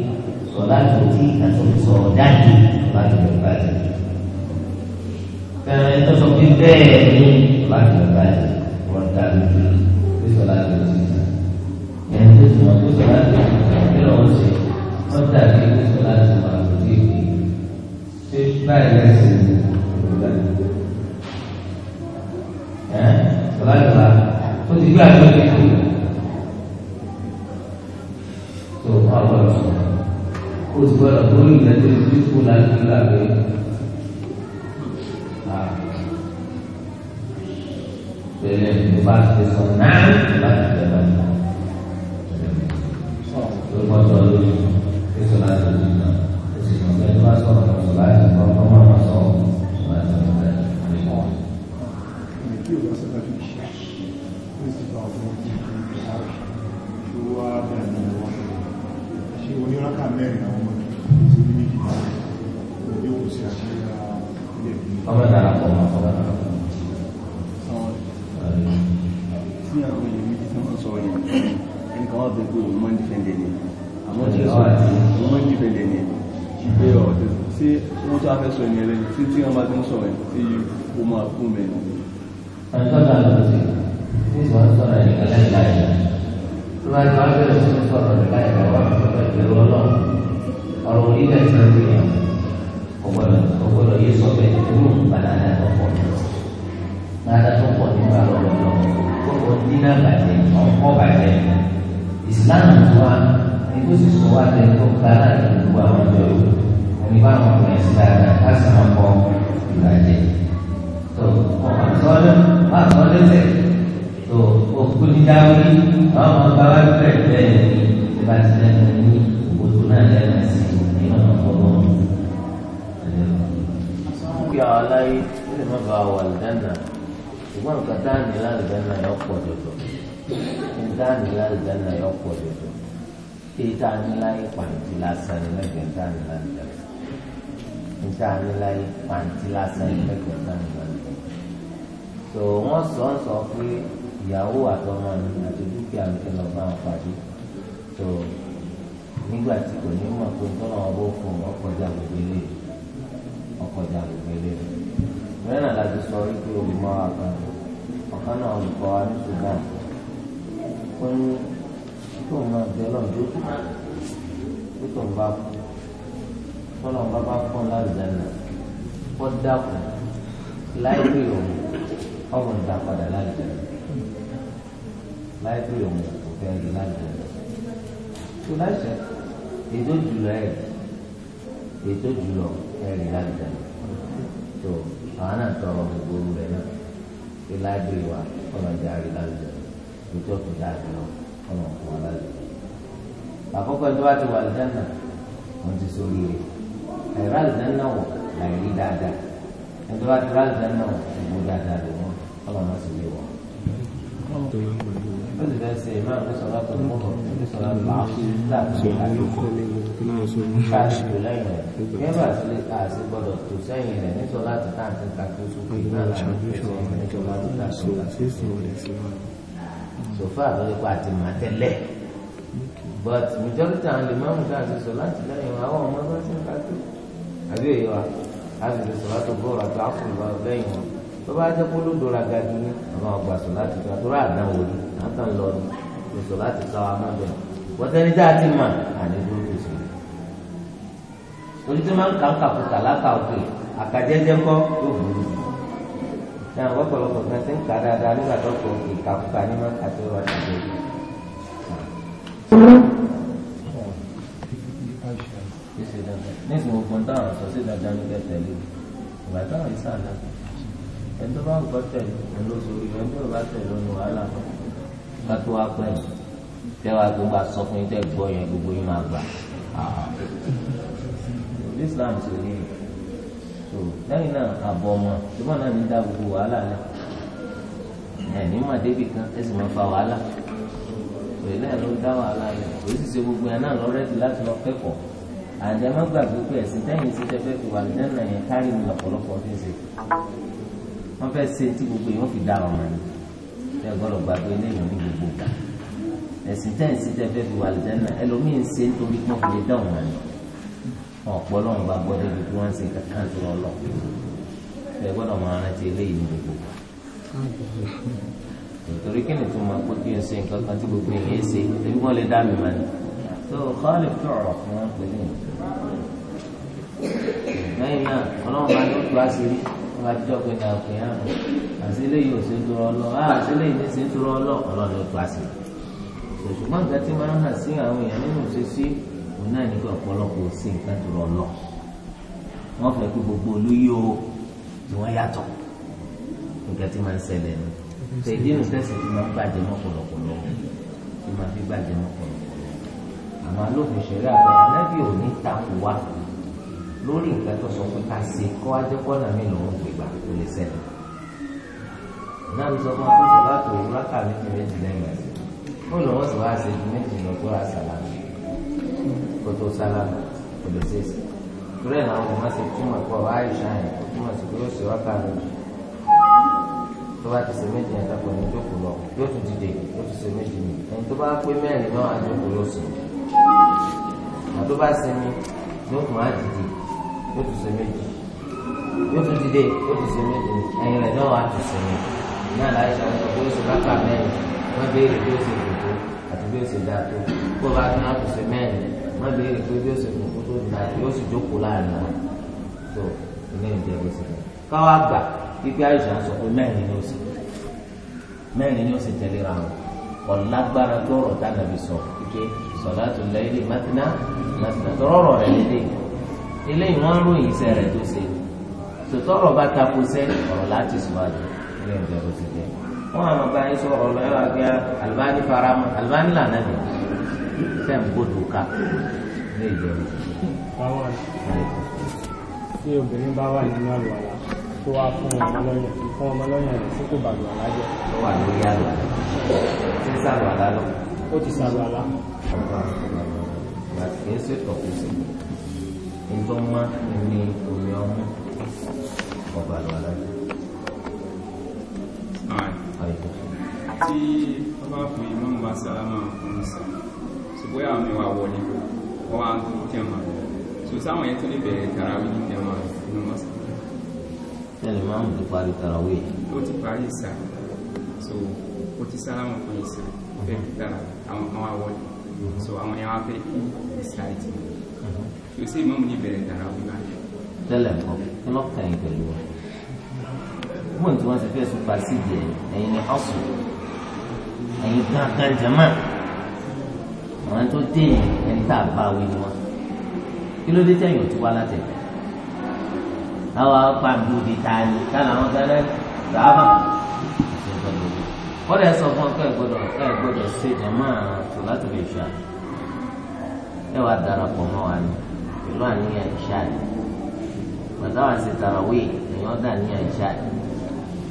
níta níláyé pàǹtí lásán ní lẹ́gbẹ̀ẹ́ níta níláyé lẹ́gbẹ̀ẹ́ níta níláyé pàǹtí lásán ní lẹ́gbẹ̀ẹ́ níta níláyé lẹ́gbẹ̀ẹ́ tó wọ́n sọ ń sọ pé ìyàwó àtọmọ ni àti dúkìá mi kí lọ bá wọn pàdé tó nígbà tí kò ní mọ̀ pé nǹkan náà wọ́n fún un ọkọjà gbogbo ilé ọkọjà gbogbo ilé mẹ́rin àlájú sọ wípé olùmọ̀ àgbà ọ̀kan náà olùkọ́ wa ní ṣùgbọ́n ó ní. fún lálùjáná wọ́n dákun láìpẹ́ òun ọ̀rọ̀ ń dá padà lálùjáná láìpẹ́ òun kò fẹ́ rí lálùjáná. tó láṣẹ ètò jùlọ ẹ̀ ètò jùlọ ẹ̀ rí lálùjáná tó àwọn náà tọrọ gbogbo orú rẹ náà pé láìpẹ́ wa ọ̀rọ̀ ìjà rí lálùjáná ètò ọ̀tún dáadé lọ ọ̀rọ̀ ọ̀kùnrin lálùjáná. àkọ́kọ́ ẹ̀ tó bá ti wà lálùjáná wọ́n ti sórí rẹ̀ àìrá àlùdáná wọ̀ làìrí dáadáa ẹni tó bá ti rá àlùdáná wọ̀ ìgbó dáadáa ló wọn ọlọ́run sì lè wọ̀. ó sì fẹ́ ṣe ìmáà ní sọlá tó mú bọ̀ ní sọlá tó láàfin láàfin láàfin káàkiri lẹ́yìn rẹ̀ kẹ́bà sí àti gbọ́dọ̀ tó sẹ́yìn rẹ̀ ní sọlá tó tàǹtí kàkó sókè náà láàfin ní sọlá tó tàǹtí sòfà lórí pa àti màtẹ́lẹ̀ but majority àwọn lè má mú káàkiri sọ láti lẹ́yìn àwọn ọmọ bá ti ń kàkó àbí èyí wa láti fi sọ̀rọ̀ tó bọ̀ àti àfún ìwà lẹ́yìn wọn tó bá jẹ́ kó ló dora gaju ní àwọn ọgbà sọ láti gba tó rà dán wò ní àtàn lọ ní kò sọ láti sọ àwọn ọmọ bẹ́ẹ̀ wọ́n tẹ́ni dáa ti mà àní dúró tó sọ. onídìí máa ń kà ń kà òkè àkàjẹ́jẹ́ kọ́ yóò burú. ṣé àwọn ọ̀pọ̀lọpọ̀ kan ti ń kà dáadáa nígbà tó kọ̀ òkè kàkúkà ní má kàtó wá sí ìgbẹ́ nísìnyí gbogbo táwọn sọ sí dandan ní bẹ́ẹ̀ tẹ̀lé ìgbà táwọn yìí sàn náà ẹni tó bá ń gbọ́ tẹ̀lé olóṣòwò ẹni tó bá tẹ̀lé ọ̀nà wàhálà ká tó wá pẹ́ tẹ́wàá tó bá sọ fún yín tẹ́ gbọ́ yẹn gbogbo yín máa gbà Islam ṣe rí i so lẹ́yìn náà àbọ̀ ọmọ ṣùgbọ́n náà ní dá gbogbo wàhálà náà ẹ̀ní mà débi kan ẹ sì máa fa wàhálà pẹ̀lú ẹ̀ ló dá wàhálà rẹ̀ òyìnbó ṣe gbogbo ẹ̀ àdàmọ́ gbàgbé pé ẹ̀sìn tẹ́yìn sí tẹ́fẹ́ fi wà lẹ́nu náà yẹn kárí mi lọ́pọ̀lọpọ̀ fi ṣe wọ́n fẹ́ ṣe tí gbogbo yẹn wọ́n fi dá ọmọ ni tẹ́ gbọ́dọ̀ gbàgbé lẹ́yìn ní gbogbo gbà ẹ̀sìn tẹ́yìn sí tẹ́fẹ́ fi wà lẹ́nu náà ẹlòmíín ṣe nítorí pé wọ́n fi dá ọmọ ni ọ̀pọ̀lọ́ ń gbàgbọ́ débi tí wọ́n ń ṣe kankan tó lọ lọ tẹ́ gbọ́dọ̀ máa rántí lẹ́yìn ní gbogbo gbà torí kí ni tó máa kó kí n ṣe nǹkan kan tí gbogbo tó kọ́lì tó ọ̀rọ̀ fún wọn pè ní lẹ́yìn náà ọlọ́run bá yóò tó àṣírí wọn bá jọ pé náà pè hàn نقول eléyìí ò ṣe ń dúró ọlọ́ ah, àṣí eléyìí ní ṣe ń dúró ọlọ́ ọlọ́run yóò tó àṣírí ṣùgbọ́n nǹkan tí máa ń hàn sí àwọn èèyàn nínú ṣe sí òun náà nígbà ọ̀pọ̀lọpọ̀ sí nǹkan dúró ọlọ́ wọ́n fẹ́ kó gbogbo olóyè o tí wọ́n yàtọ̀ nǹkan máa ń ṣẹlẹ̀ ni tẹ̀lé ìrìn tẹ̀sí máa ń bàjẹ́ mọ́pọ̀lọpọ̀ lọ́wọ́ tí máa fi bàjẹ́ mọ́pọ̀lọpọ̀ àwọn alófin ṣẹlẹ̀ àgbà anábì ò ní takò wá lórí nǹkan tó sọ pé ká ṣe kó ajẹ́kọ́nà mi lòún gbégbà tó lè sẹ́nu náà ló sọ fún akóso láti òwú rákà méjì méjì lẹ́yìn ẹ̀sìn ó lọ́wọ́ sì wá ṣe ju méjì lọ tó ra sàlámù kó tó sàlámù kò lè ṣe é sí torí àwọn ọmọ ṣe túmọ̀ pọ̀ àìsàn yẹn kó túmọ̀ sí pé ó ṣe rákà méjì tó bá ti ṣe méjì yẹn tako ní jókòó lọ yóò tún dìde yóò tún ṣe méjì mi ẹni tó bá pé mẹ́rin náà àjọkòó ló sùn ìgbà tó bá sinmi yóò tún á dìde yóò tún ṣe méjì yóò tún dìde yóò tún ṣe méjì ẹ̀yìn rẹ̀ náà wà tún sinmi ní àlàyé ṣàkóso pé ó ṣe lápá mẹ́rin wọ́n béèrè bí ó ṣe kòtó àti bí ó ṣe dáa tó kó bá tún á tún ṣe mẹ́rin wọ́n béèrè pé bí ó ṣe kòtó tó dáa tó yóò sì jókòó láàrin wọn tó ilé ìjẹ́ bó ṣe lọ. káwá gbà pípé àìsàn sọ pé mẹ́rin ni ó ṣe mẹ́rin ni ó ṣe tẹ̀léra wọn ọ̀lágbára tó rọ̀ tá sọ̀látù láìlì mátínà mátínà tọrọrọ rẹ lédè eléyìí wọ́n ròyìn iṣẹ́ rẹ̀ tó ṣe tòtọ́rọ̀ bá tako sẹ́ ọ̀rọ̀ láti sùwájú ilé ìjọba tó ti jẹ́ wọ́n àwọn ọba yín sọ ọ̀rọ̀ ẹ̀rọ àgbẹ̀ Albani farama Albani lànà bẹ̀ tẹ̀ ń gbódò ká ilé ìjọba tó ti jẹ́. tí obìnrin bá wà nínú àlùwàlà tó wá fún ọmọlọ́yìn fún ọmọlọ́yìn rẹ̀ sí kò bàlùwàlà jẹ́. ó wà lórí àlùwàlà ó ti sàlùwàlà lọ. ó ti sàlùwàlà kì í ṣètò kò sí nítorí má ní omi ọmú ọgbà lọ alájọ. tí wọ́n bá fún imọ́ bá sálámà fún sàn ṣùgbọ́n àwọn mi wà wọlé wọ́n wá tó tẹ̀ mọ́ so sáwọn yẹn tó lè bẹ̀rẹ̀ ó ti parí ìsà so ó ti sálámà fún ìsà ó fẹ́ kí tara àwọn kan wá wọlé. Mm-hmm. so àwọn yẹn wá fẹ́ ìsáìtì kí o sì mọ́mú ní ìbẹ̀rẹ̀ dára wíwá. lẹ́lẹ̀ kọ́ kí ló kàn yín pẹ̀lú wa gbọ́n tí wọ́n ti fẹ́ sùn pàṣẹ jẹ ẹ̀yin ni ọ̀sùn ẹ̀yin gángan jẹ̀mọ́ àwọn tó dé ẹni tá a bá wí ni wọn kí ló dé tẹ̀yìn òtún wá látẹ̀ àwọn apá gbòdì tani táwọn àwọn gángan rà á wọ́n lè sọ fún ọ pé ẹ gbọ́dọ̀ ẹ gbọ́dọ̀ ṣe jàmáà tó láti lè ṣá ẹ wàá darapọ̀ mọ́ wa ni ìlú àníyàn ìṣá ni bàtàwà ṣe tàràwé èèyàn dà níyàn ìṣá ni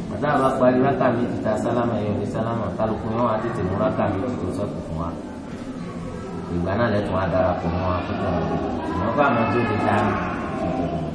bàtàwà bá parí rákà méjì ta sálámà ẹ̀yọ́ ní sálámà kálukú yẹn wà á tètè mú rákà méjì tó sọ̀tù fún wa ìgbà náà lẹ́tọ̀ọ́ adarapọ̀ mọ́ wa púpọ̀ ìwọ́n bá àwọn tó lè dá mi.